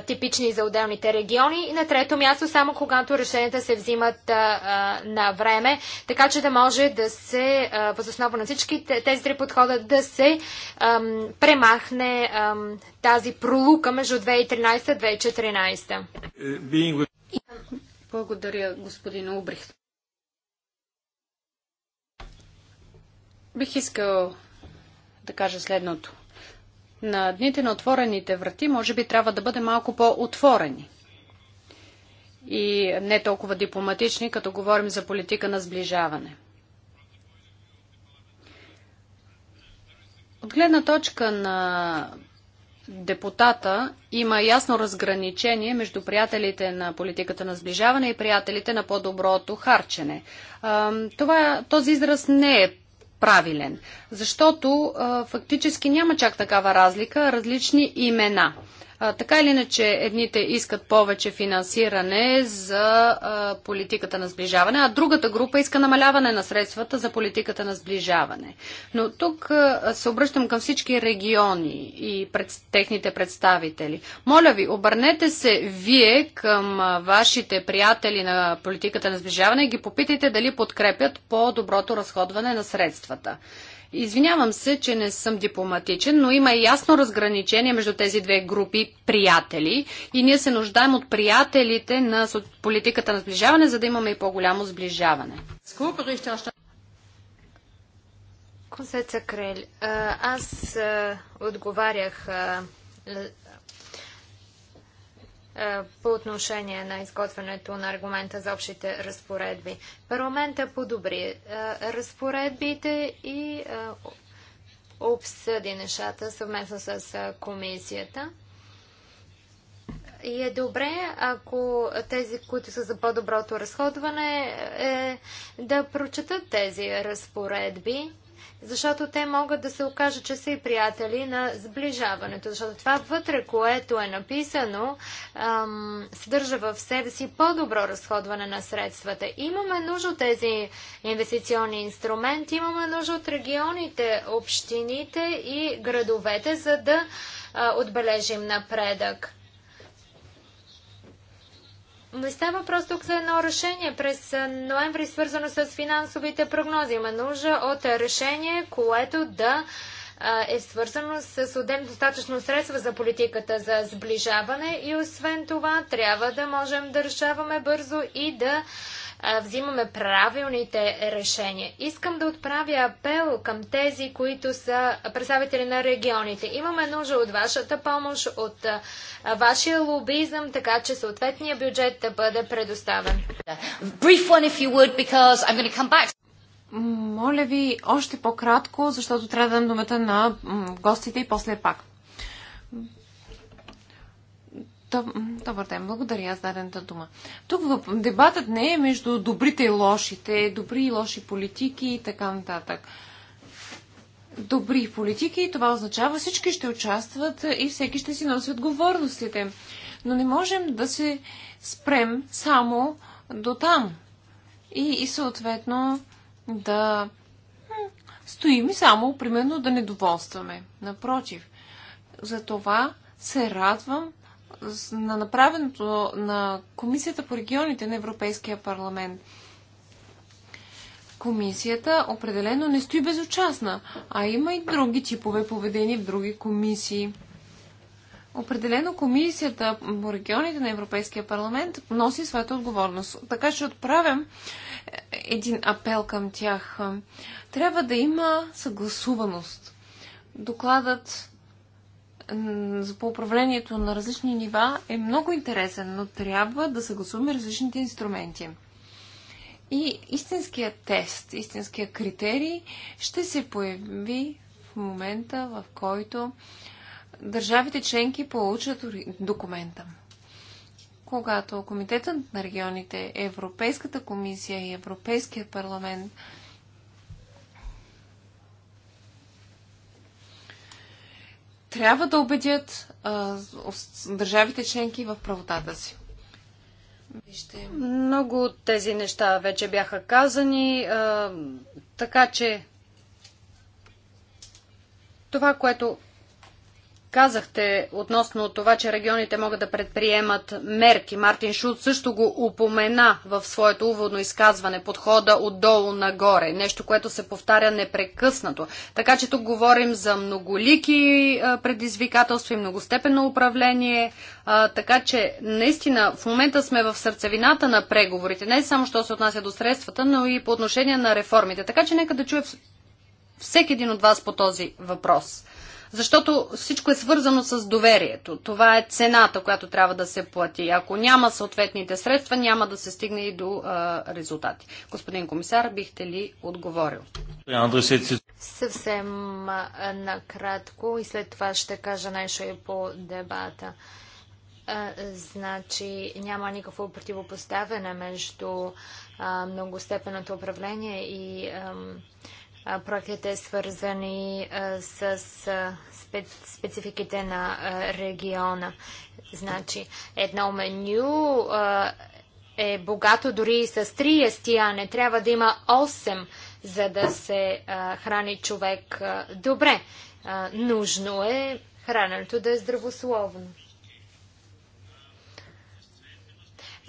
типични за отделните региони. И на трето място, само когато решенията се взимат а, на време, така че да може да се, възоснова на всички тези три подхода, да се ам, премахне ам, тази пролука между 2013-2014. Благодаря, господин Убрихт. Бих искал да кажа следното на дните на отворените врати може би трябва да бъдем малко по-отворени и не толкова дипломатични, като говорим за политика на сближаване. От гледна точка на депутата има ясно разграничение между приятелите на политиката на сближаване и приятелите на по-доброто харчене. Това, този израз не е правилен. Защото а, фактически няма чак такава разлика, различни имена така или иначе, едните искат повече финансиране за политиката на сближаване, а другата група иска намаляване на средствата за политиката на сближаване. Но тук се обръщам към всички региони и пред, техните представители. Моля ви, обърнете се вие към вашите приятели на политиката на сближаване и ги попитайте дали подкрепят по-доброто разходване на средствата. Извинявам се, че не съм дипломатичен, но има ясно разграничение между тези две групи приятели и ние се нуждаем от приятелите на политиката на сближаване, за да имаме и по-голямо сближаване. Концеца Крель, аз отговарях е, по отношение на изготвянето на аргумента за общите разпоредби. Парламента подобри е, разпоредбите и е, обсъди нещата съвместно с комисията. И е добре, ако тези, които са за по-доброто разходване, е да прочетат тези разпоредби защото те могат да се окажат, че са и приятели на сближаването. Защото това вътре, което е написано, ам, съдържа в себе си по-добро разходване на средствата. Имаме нужда от тези инвестиционни инструменти, имаме нужда от регионите, общините и градовете, за да а, отбележим напредък. Не става просто тук за едно решение през ноември, свързано с финансовите прогнози. Има нужда от решение, което да е свързано с отдем достатъчно средства за политиката за сближаване и освен това трябва да можем да решаваме бързо и да взимаме правилните решения. Искам да отправя апел към тези, които са представители на регионите. Имаме нужда от вашата помощ, от вашия лобизъм, така че съответния бюджет да бъде предоставен. Моля ви още по-кратко, защото трябва да дам думата на гостите и после пак. Добър ден, благодаря за дадената дума. Тук дебатът не е между добрите и лошите, добри и лоши политики и така нататък. Добри политики, това означава всички ще участват и всеки ще си носи отговорностите. Но не можем да се спрем само до там. И, и съответно да стоим и само, примерно, да недоволстваме. Напротив, за това се радвам, на направеното на Комисията по регионите на Европейския парламент. Комисията определено не стои безучастна, а има и други типове поведение в други комисии. Определено комисията по регионите на Европейския парламент носи своята отговорност. Така че отправям е, един апел към тях. Трябва да има съгласуваност. Докладът по управлението на различни нива е много интересен, но трябва да съгласуваме различните инструменти. И истинският тест, истинският критерий ще се появи в момента, в който държавите членки получат документа. Когато Комитетът на регионите, Европейската комисия и Европейският парламент – трябва да убедят а, държавите членки в правотата си. Вижте. Много от тези неща вече бяха казани, а, така че това, което казахте относно това, че регионите могат да предприемат мерки. Мартин Шут също го упомена в своето уводно изказване, подхода отдолу нагоре, нещо, което се повтаря непрекъснато. Така че тук говорим за многолики предизвикателства и многостепенно управление, така че наистина в момента сме в сърцевината на преговорите, не само що се отнася до средствата, но и по отношение на реформите. Така че нека да чуя всеки един от вас по този въпрос. Защото всичко е свързано с доверието. Това е цената, която трябва да се плати. Ако няма съответните средства, няма да се стигне и до а, резултати. Господин комисар, бихте ли отговорил? Съвсем накратко и след това ще кажа нещо и по дебата. значи няма никакво противопоставяне между а, многостепенното управление и Проектите свързани с спецификите на региона. Значи, едно меню е богато дори и с три ястияне. Трябва да има 8, за да се храни човек добре. нужно е храненето да е здравословно.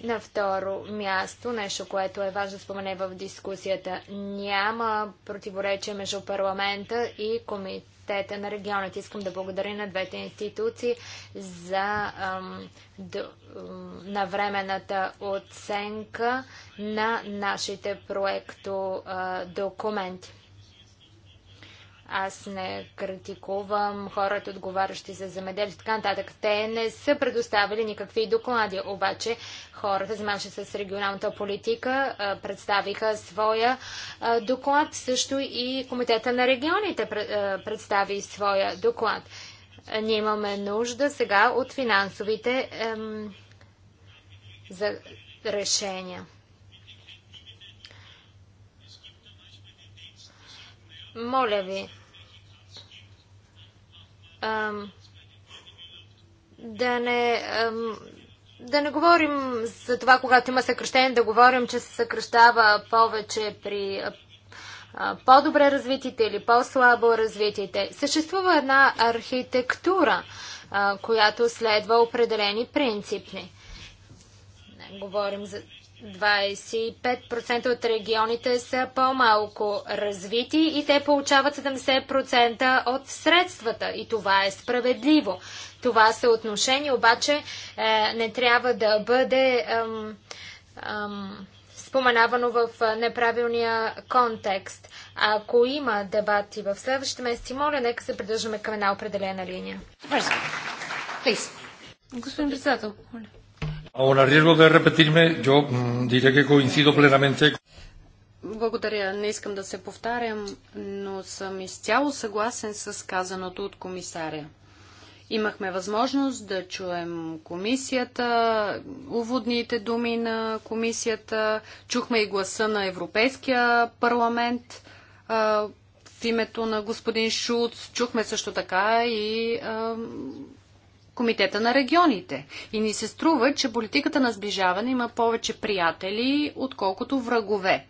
На второ място, нещо, което е важно да спомене в дискусията, няма противоречие между парламента и комитета на регионите. Искам да благодаря на двете институции за ам, до, ам, навременната оценка на нашите проекто а, документи. Аз не критикувам хората, отговарящи за земеделие, така нататък. Те не са предоставили никакви доклади, обаче хората, занимаващи с регионалната политика, представиха своя доклад. Също и Комитета на регионите представи своя доклад. Ние имаме нужда сега от финансовите ем, за решения. Моля ви ам, да не ам, да не говорим за това, когато има съкръщение, да говорим, че се съкръщава повече при по-добре развитите или по-слабо развитите. Съществува една архитектура, а, която следва определени принципни. Не, говорим за 25% от регионите са по-малко развити и те получават 70% от средствата. И това е справедливо. Това съотношение обаче е, не трябва да бъде ем, ем, споменавано в е, неправилния контекст. Ако има дебати в следващите месеци, моля, нека се придържаме към една определена линия. Господин председател, моля. Ahora, a riesgo de repetirme, yo mm, diré que coincido plenamente. Благодаря. Не искам да се повтарям, но съм изцяло съгласен с казаното от комисаря. Имахме възможност да чуем комисията, уводните думи на комисията, чухме и гласа на Европейския парламент а, в името на господин Шуц, чухме също така и а, Комитета на регионите. И ни се струва, че политиката на сближаване има повече приятели, отколкото врагове.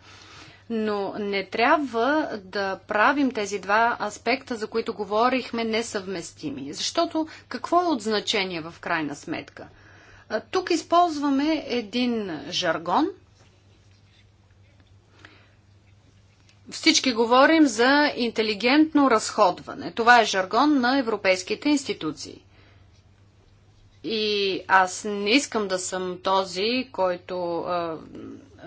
Но не трябва да правим тези два аспекта, за които говорихме, несъвместими. Защото какво е от значение в крайна сметка? Тук използваме един жаргон. Всички говорим за интелигентно разходване. Това е жаргон на европейските институции. И аз не искам да съм този, който а,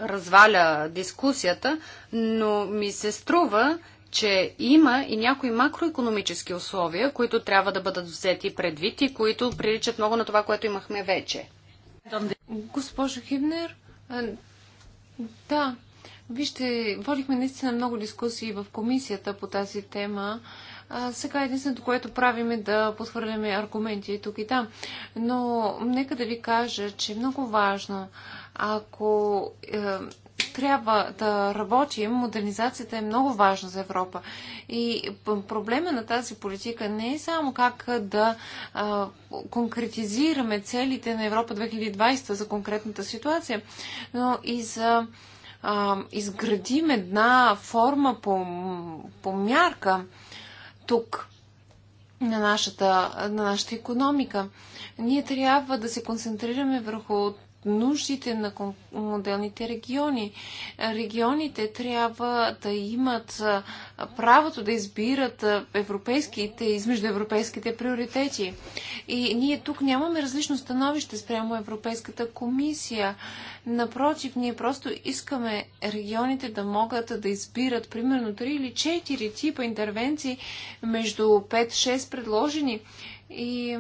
разваля дискусията, но ми се струва, че има и някои макроекономически условия, които трябва да бъдат взети предвид и които приличат много на това, което имахме вече. Госпожо Хибнер, да, вижте, водихме наистина много дискусии в комисията по тази тема сега единственото, което правим е да подхвърляме аргументи тук и там. Но нека да ви кажа, че е много важно, ако е, трябва да работим, модернизацията е много важна за Европа. И проблема на тази политика не е само как да а, конкретизираме целите на Европа 2020 за конкретната ситуация, но и за а, изградим една форма по, по мярка, тук на нашата, на нашата економика. Ние трябва да се концентрираме върху нуждите на отделните региони. Регионите трябва да имат правото да избират европейските, и междуевропейските приоритети. И ние тук нямаме различно становище спрямо Европейската комисия. Напротив, ние просто искаме регионите да могат да избират примерно 3 или 4 типа интервенции между 5-6 предложени. И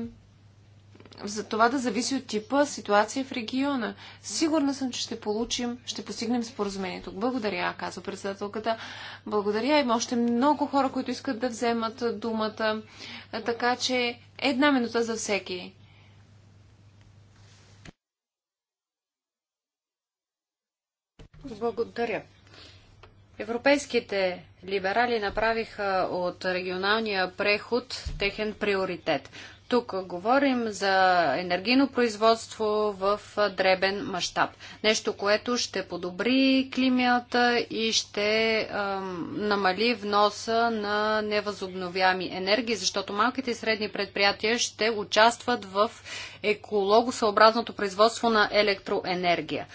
за това да зависи от типа ситуация в региона. Сигурна съм, че ще получим, ще постигнем споразумението. Благодаря, казва председателката. Благодаря. Има още много хора, които искат да вземат думата. Така че една минута за всеки. Благодаря. Европейските либерали направиха от регионалния преход техен приоритет. Тук говорим за енергийно производство в дребен мащаб. Нещо, което ще подобри климията и ще ам, намали вноса на невъзобновяеми енергии, защото малките и средни предприятия ще участват в екологосъобразното производство на електроенергия.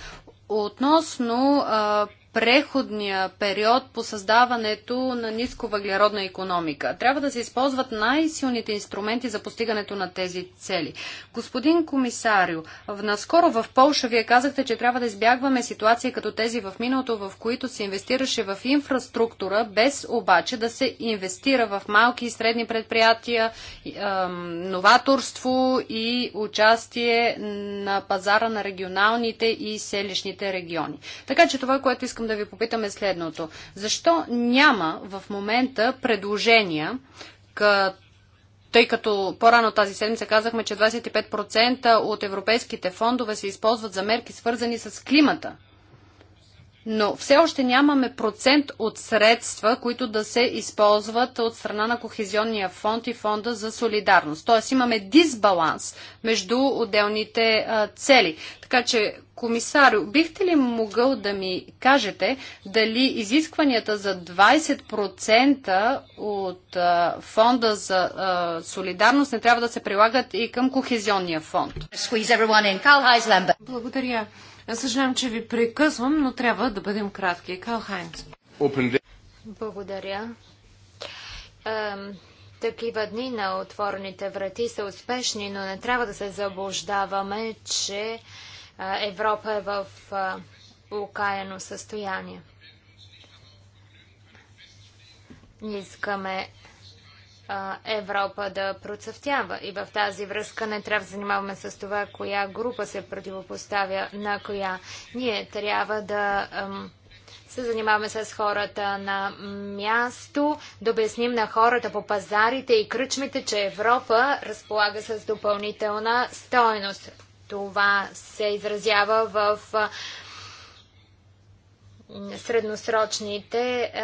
Относно а, преходния период по създаването на нисковъглеродна економика. Трябва да се използват най-силните инструменти за постигането на тези цели. Господин комисарио, наскоро в Полша вие казахте, че трябва да избягваме ситуации като тези в миналото, в които се инвестираше в инфраструктура, без обаче да се инвестира в малки и средни предприятия, новаторство и участие на пазара на регионалните и селищните региони. Така че това, което искам искам да ви попитам е следното. Защо няма в момента предложения, като тъй като по-рано тази седмица казахме, че 25% от европейските фондове се използват за мерки свързани с климата но все още нямаме процент от средства, които да се използват от страна на Кохезионния фонд и фонда за солидарност. Тоест имаме дисбаланс между отделните а, цели. Така че, комисар, бихте ли могъл да ми кажете дали изискванията за 20% от а, фонда за а, солидарност не трябва да се прилагат и към Кохезионния фонд? Благодаря. Съжалявам, че ви прекъсвам, но трябва да бъдем кратки. Карл Хайнц. Благодаря. Ем, такива дни на отворените врати са успешни, но не трябва да се заблуждаваме, че Европа е в окаяно състояние. Ние Искаме Европа да процъфтява. И в тази връзка не трябва да занимаваме с това, коя група се противопоставя на коя. Ние трябва да се занимаваме с хората на място, да обясним на хората по пазарите и кръчмите, че Европа разполага с допълнителна стойност. Това се изразява в средносрочните е,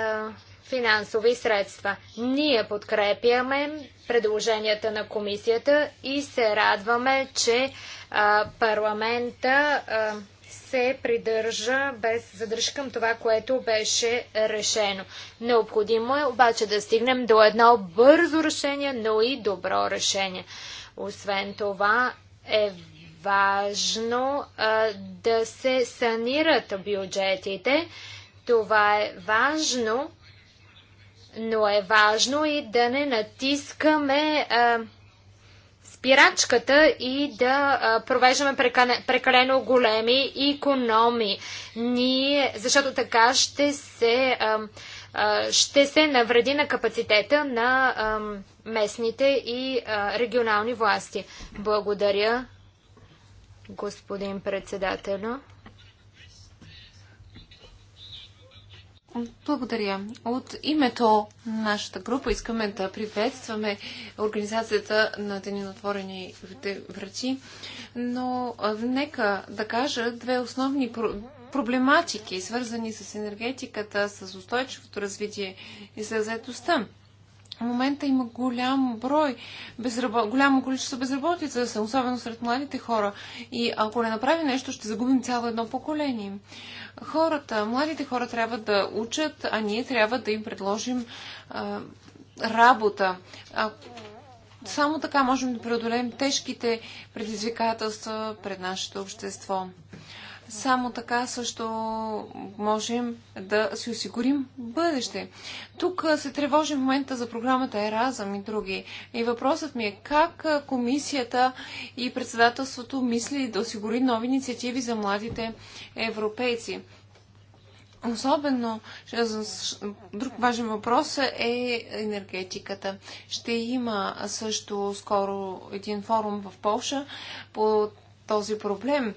финансови средства. Ние подкрепяме предложенията на комисията и се радваме, че а, парламента а, се придържа без задръжка към това, което беше решено. Необходимо е обаче да стигнем до едно бързо решение, но и добро решение. Освен това е важно а, да се санират бюджетите. Това е важно, но е важно и да не натискаме а, спирачката и да а, провеждаме прекалено, прекалено големи икономи, Ние, защото така ще се, а, а, ще се навреди на капацитета на а, местните и а, регионални власти. Благодаря, господин председателю. Благодаря. От името на нашата група искаме да приветстваме организацията на Дени на отворени врати, но нека да кажа две основни проблематики, свързани с енергетиката, с устойчивото развитие и с заедостта. В момента има голям брой, безработ... голямо количество безработица, особено сред младите хора. И ако не направи нещо, ще загубим цяло едно поколение. Хората, младите хора трябва да учат, а ние трябва да им предложим а, работа. А, само така можем да преодолеем тежките предизвикателства пред нашето общество. Само така също можем да си осигурим бъдеще. Тук се тревожим в момента за програмата Еразъм и други. И въпросът ми е как комисията и председателството мисли да осигури нови инициативи за младите европейци. Особено друг важен въпрос е енергетиката. Ще има също скоро един форум в Польша по този проблем.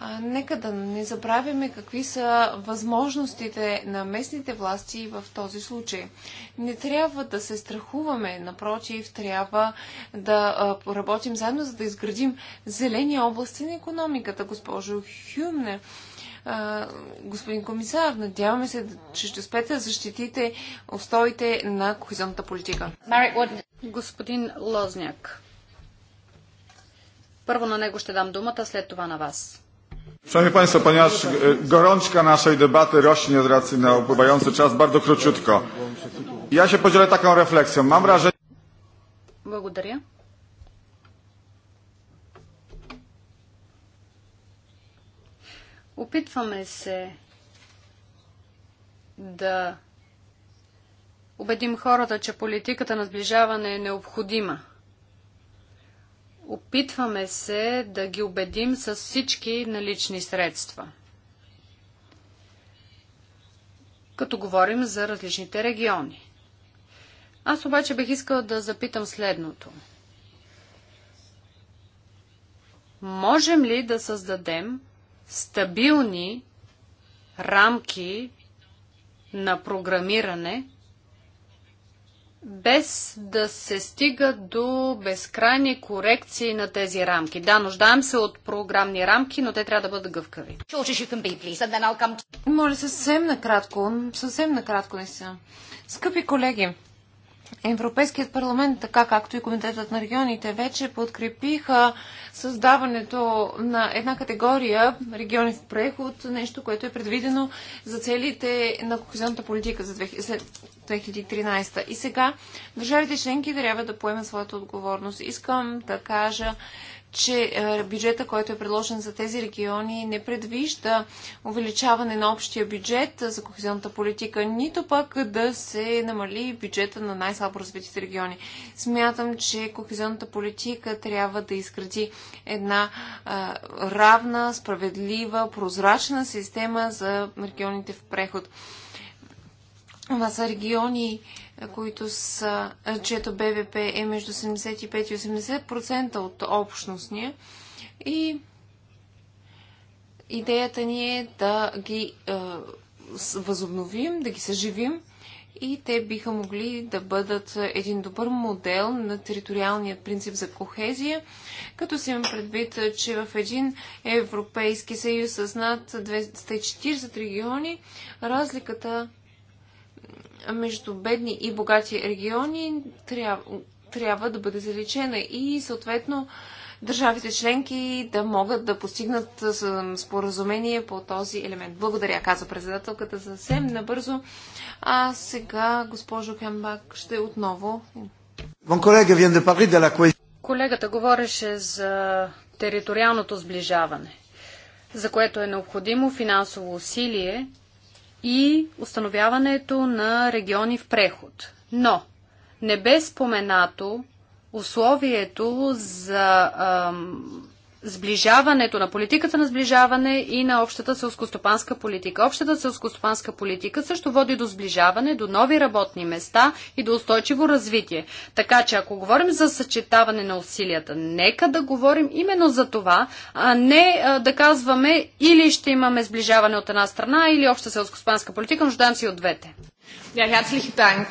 А, нека да не забравяме какви са възможностите на местните власти в този случай. Не трябва да се страхуваме, напротив, трябва да а, работим заедно, за да изградим зелени области на економиката, госпожо Хюмне. А, господин комисар, надяваме се, че ще успеете да защитите устоите на кохезионната политика. Господин Лозняк, първо на него ще дам думата, след това на вас. Szanowni Państwo, ponieważ gorączka naszej debaty rośnie z racji na upływający czas, bardzo króciutko. Ja się podzielę taką refleksją. Mam wrażenie... Dziękuję. Опитваме се да убедим хората, че политиката на сближаване е необходима – Опитваме се да ги убедим с всички налични средства. Като говорим за различните региони. Аз обаче бих искал да запитам следното. Можем ли да създадем стабилни рамки на програмиране, без да се стига до безкрайни корекции на тези рамки. Да, нуждаем се от програмни рамки, но те трябва да бъдат гъвкави. Моля, съвсем накратко, съвсем накратко не са. Скъпи колеги, Европейският парламент, така както и Комитетът на регионите, вече подкрепиха създаването на една категория региони в преход, нещо, което е предвидено за целите на кохезионната политика за 2013. И сега държавите членки трябва да поемат своята отговорност. Искам да кажа, че е, бюджета, който е предложен за тези региони, не предвижда увеличаване на общия бюджет за кохезионната политика, нито пък да се намали бюджета на най-слабо развитите региони. Смятам, че кохезионната политика трябва да изгради една а, равна, справедлива, прозрачна система за регионите в преход. Това са региони, които са, чето БВП е между 75 и 80% от общностния. И идеята ни е да ги е, възобновим, да ги съживим и те биха могли да бъдат един добър модел на териториалният принцип за кохезия, като си имам предвид, че в един Европейски съюз с над 240 региони разликата между бедни и богати региони трябва, трябва да бъде заличена и съответно държавите членки да могат да постигнат споразумение по този елемент. Благодаря, каза председателката съвсем набързо. А сега, госпожо Кембак, ще отново. Колегата говореше за териториалното сближаване, за което е необходимо финансово усилие и установяването на региони в преход. Но не бе споменато условието за ам, сближаването, на политиката на сближаване и на общата селскостопанска политика. Общата селскостопанска политика също води до сближаване, до нови работни места и до устойчиво развитие. Така че ако говорим за съчетаване на усилията, нека да говорим именно за това, а не а, да казваме или ще имаме сближаване от една страна, или обща селскостопанска политика, нуждаем се и от двете. Ja, herzlichen Dank.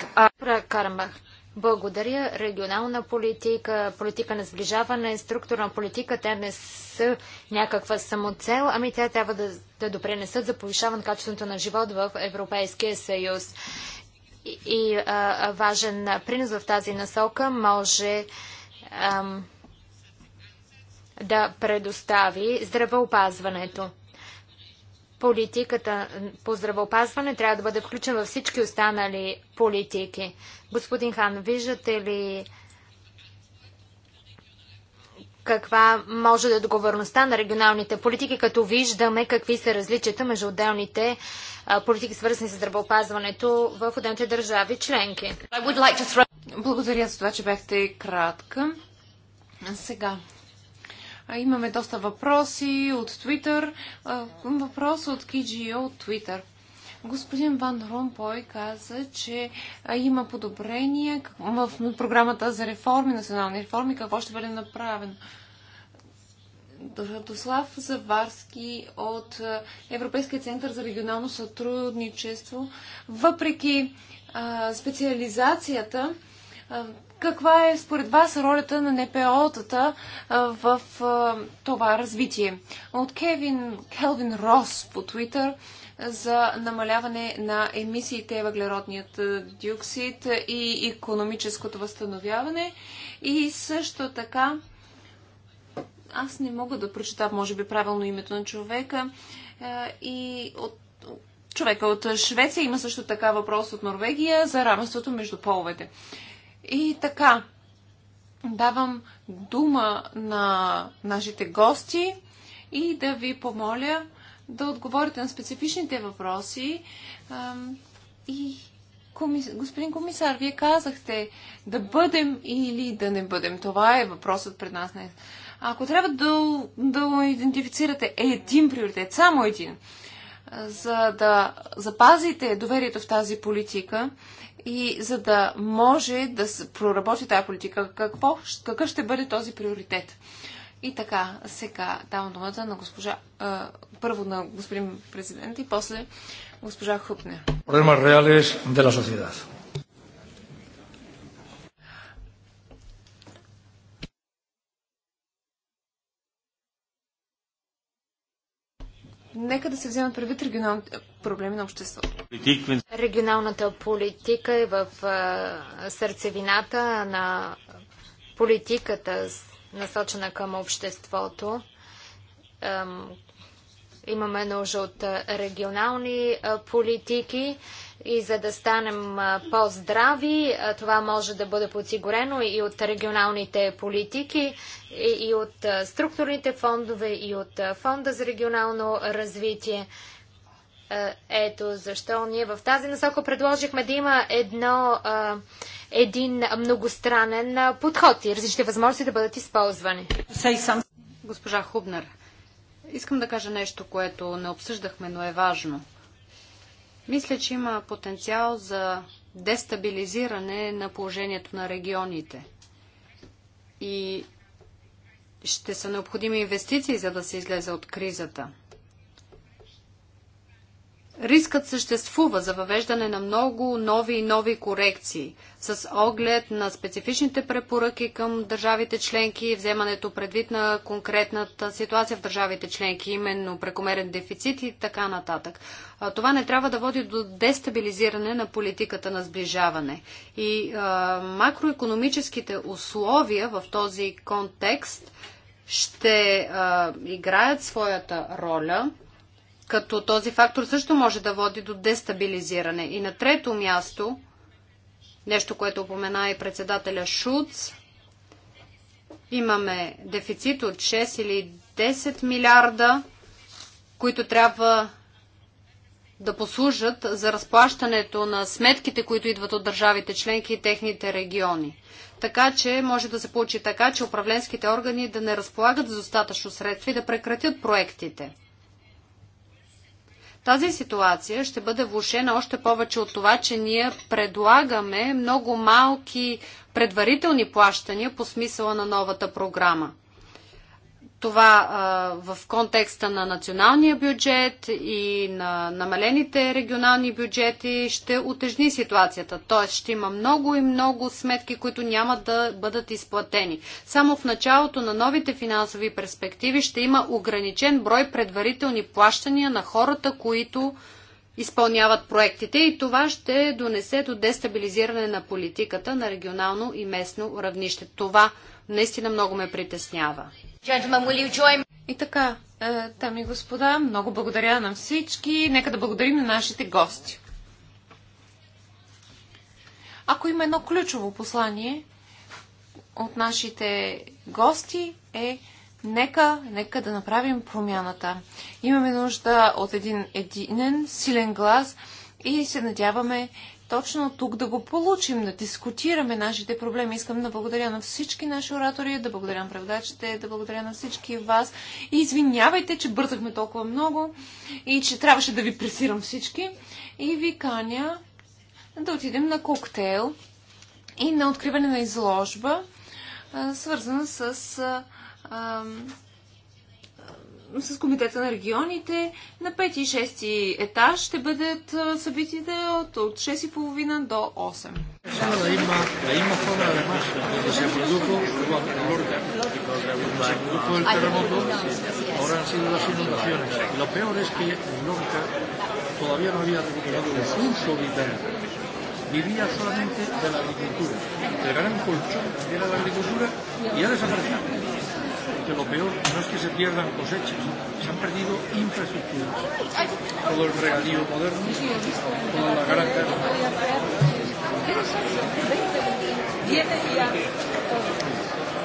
Благодаря. Регионална политика, политика на сближаване, структурна политика, те не са някаква самоцел, ами те трябва да, да допренесат за повишаване качеството на живот в Европейския съюз. И, и а, важен принос в тази насока може ам, да предостави здравеопазването политиката по здравеопазване трябва да бъде включен във всички останали политики. Господин Хан, виждате ли каква може да е договорността на регионалните политики, като виждаме какви са различията между отделните политики, свързани с здравеопазването в отделните държави членки. Like throw... Благодаря за това, че бяхте кратка. Сега Имаме доста въпроси от Twitter. Въпрос от KGO от Twitter. Господин Ван Ромпой каза, че има подобрения в програмата за реформи, национални реформи, какво ще бъде направено. Радослав Заварски от Европейския център за регионално сътрудничество, въпреки специализацията, каква е според вас ролята на НПО-тата в това развитие? От Кевин, Келвин Рос по Твитър за намаляване на емисиите въглеродният диоксид и економическото възстановяване. И също така, аз не мога да прочита, може би, правилно името на човека. И от човека от Швеция има също така въпрос от Норвегия за равенството между половете. И така, давам дума на нашите гости и да ви помоля да отговорите на специфичните въпроси. И господин комисар, вие казахте да бъдем или да не бъдем. Това е въпросът пред нас Ако трябва да, да идентифицирате един приоритет, само един, за да запазите доверието в тази политика, и за да може да проработи тази политика, какво, какъв ще бъде този приоритет? И така, сега давам думата на госпожа, а, първо на господин президент и после госпожа Хупне. Проблема реален де ла sociedad. нека да се вземат предвид регионалните проблеми на обществото. Регионалната политика е в сърцевината на политиката, насочена към обществото. Имаме нужда от регионални политики и за да станем по-здрави, това може да бъде подсигурено и от регионалните политики, и от структурните фондове, и от фонда за регионално развитие. Ето защо ние в тази насока предложихме да има едно, един многостранен подход и различни възможности да бъдат използвани. Госпожа Хубнер, искам да кажа нещо, което не обсъждахме, но е важно – мисля, че има потенциал за дестабилизиране на положението на регионите. И ще са необходими инвестиции, за да се излезе от кризата. Рискът съществува за въвеждане на много нови и нови корекции с оглед на специфичните препоръки към държавите членки и вземането предвид на конкретната ситуация в държавите членки, именно прекомерен дефицит и така нататък. Това не трябва да води до дестабилизиране на политиката на сближаване. И а, макроекономическите условия в този контекст ще а, играят своята роля като този фактор също може да води до дестабилизиране. И на трето място, нещо, което упомена и председателя Шуц, имаме дефицит от 6 или 10 милиарда, които трябва да послужат за разплащането на сметките, които идват от държавите членки и техните региони. Така че може да се получи така, че управленските органи да не разполагат за достатъчно средства и да прекратят проектите. Тази ситуация ще бъде влушена още повече от това, че ние предлагаме много малки предварителни плащания по смисъла на новата програма. Това а, в контекста на националния бюджет и на намалените регионални бюджети ще утежни ситуацията. Т.е. ще има много и много сметки, които няма да бъдат изплатени. Само в началото на новите финансови перспективи ще има ограничен брой предварителни плащания на хората, които изпълняват проектите и това ще донесе до дестабилизиране на политиката на регионално и местно равнище. Това наистина много ме притеснява. И така, е, дами и господа, много благодаря на всички. Нека да благодарим на нашите гости. Ако има едно ключово послание от нашите гости е нека, нека да направим промяната. Имаме нужда от един единен, силен глас и се надяваме, точно тук да го получим, да дискутираме нашите проблеми. Искам да благодаря на всички наши оратори, да благодаря на преводачите, да благодаря на всички вас. И извинявайте, че бързахме толкова много и че трябваше да ви пресирам всички. И ви каня да отидем на коктейл и на откриване на изложба, свързана с с Комитета на регионите. На 5 и 6 етаж ще бъдат събитите от, от 6.30 до 8. Ahora vivía solamente de la agricultura. El gran colchón era la agricultura y ha desaparecido que lo peor no es que se pierdan cosechas, se han perdido infraestructuras. Todo el regadío moderno, toda la gran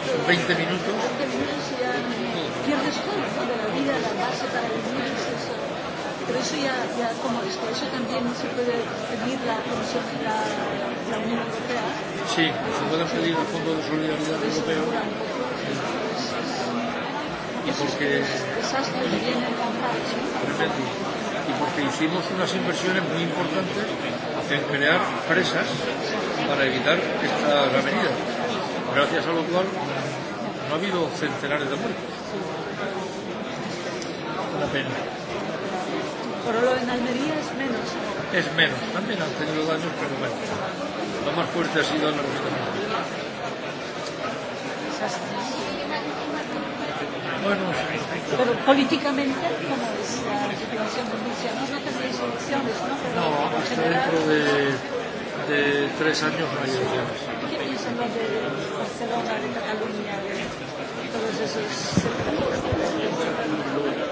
Son 20 minutos. Pierdes la vida, la base para vivir es eso. Pero eso ya, ya como esto, eso también se puede pedir la, la, la Unión Europea. Sí, se puede pedir el Fondo de Solidaridad Europeo y porque tremendo, y porque hicimos unas inversiones muy importantes en crear presas para evitar estas avenidas, gracias a lo cual no ha habido centenares de muertos. Una pena. Por lo en Almería es menos. Es menos, también han tenido daños, pero bueno. Lo más fuerte ha sido en la región de Pero políticamente, ¿cómo es la situación de Murcia? No es una elecciones, ¿no? Pero no, está dentro de, de tres años no hay elecciones. ¿Qué piensan los de Barcelona, de Cataluña, de todos esos sectores?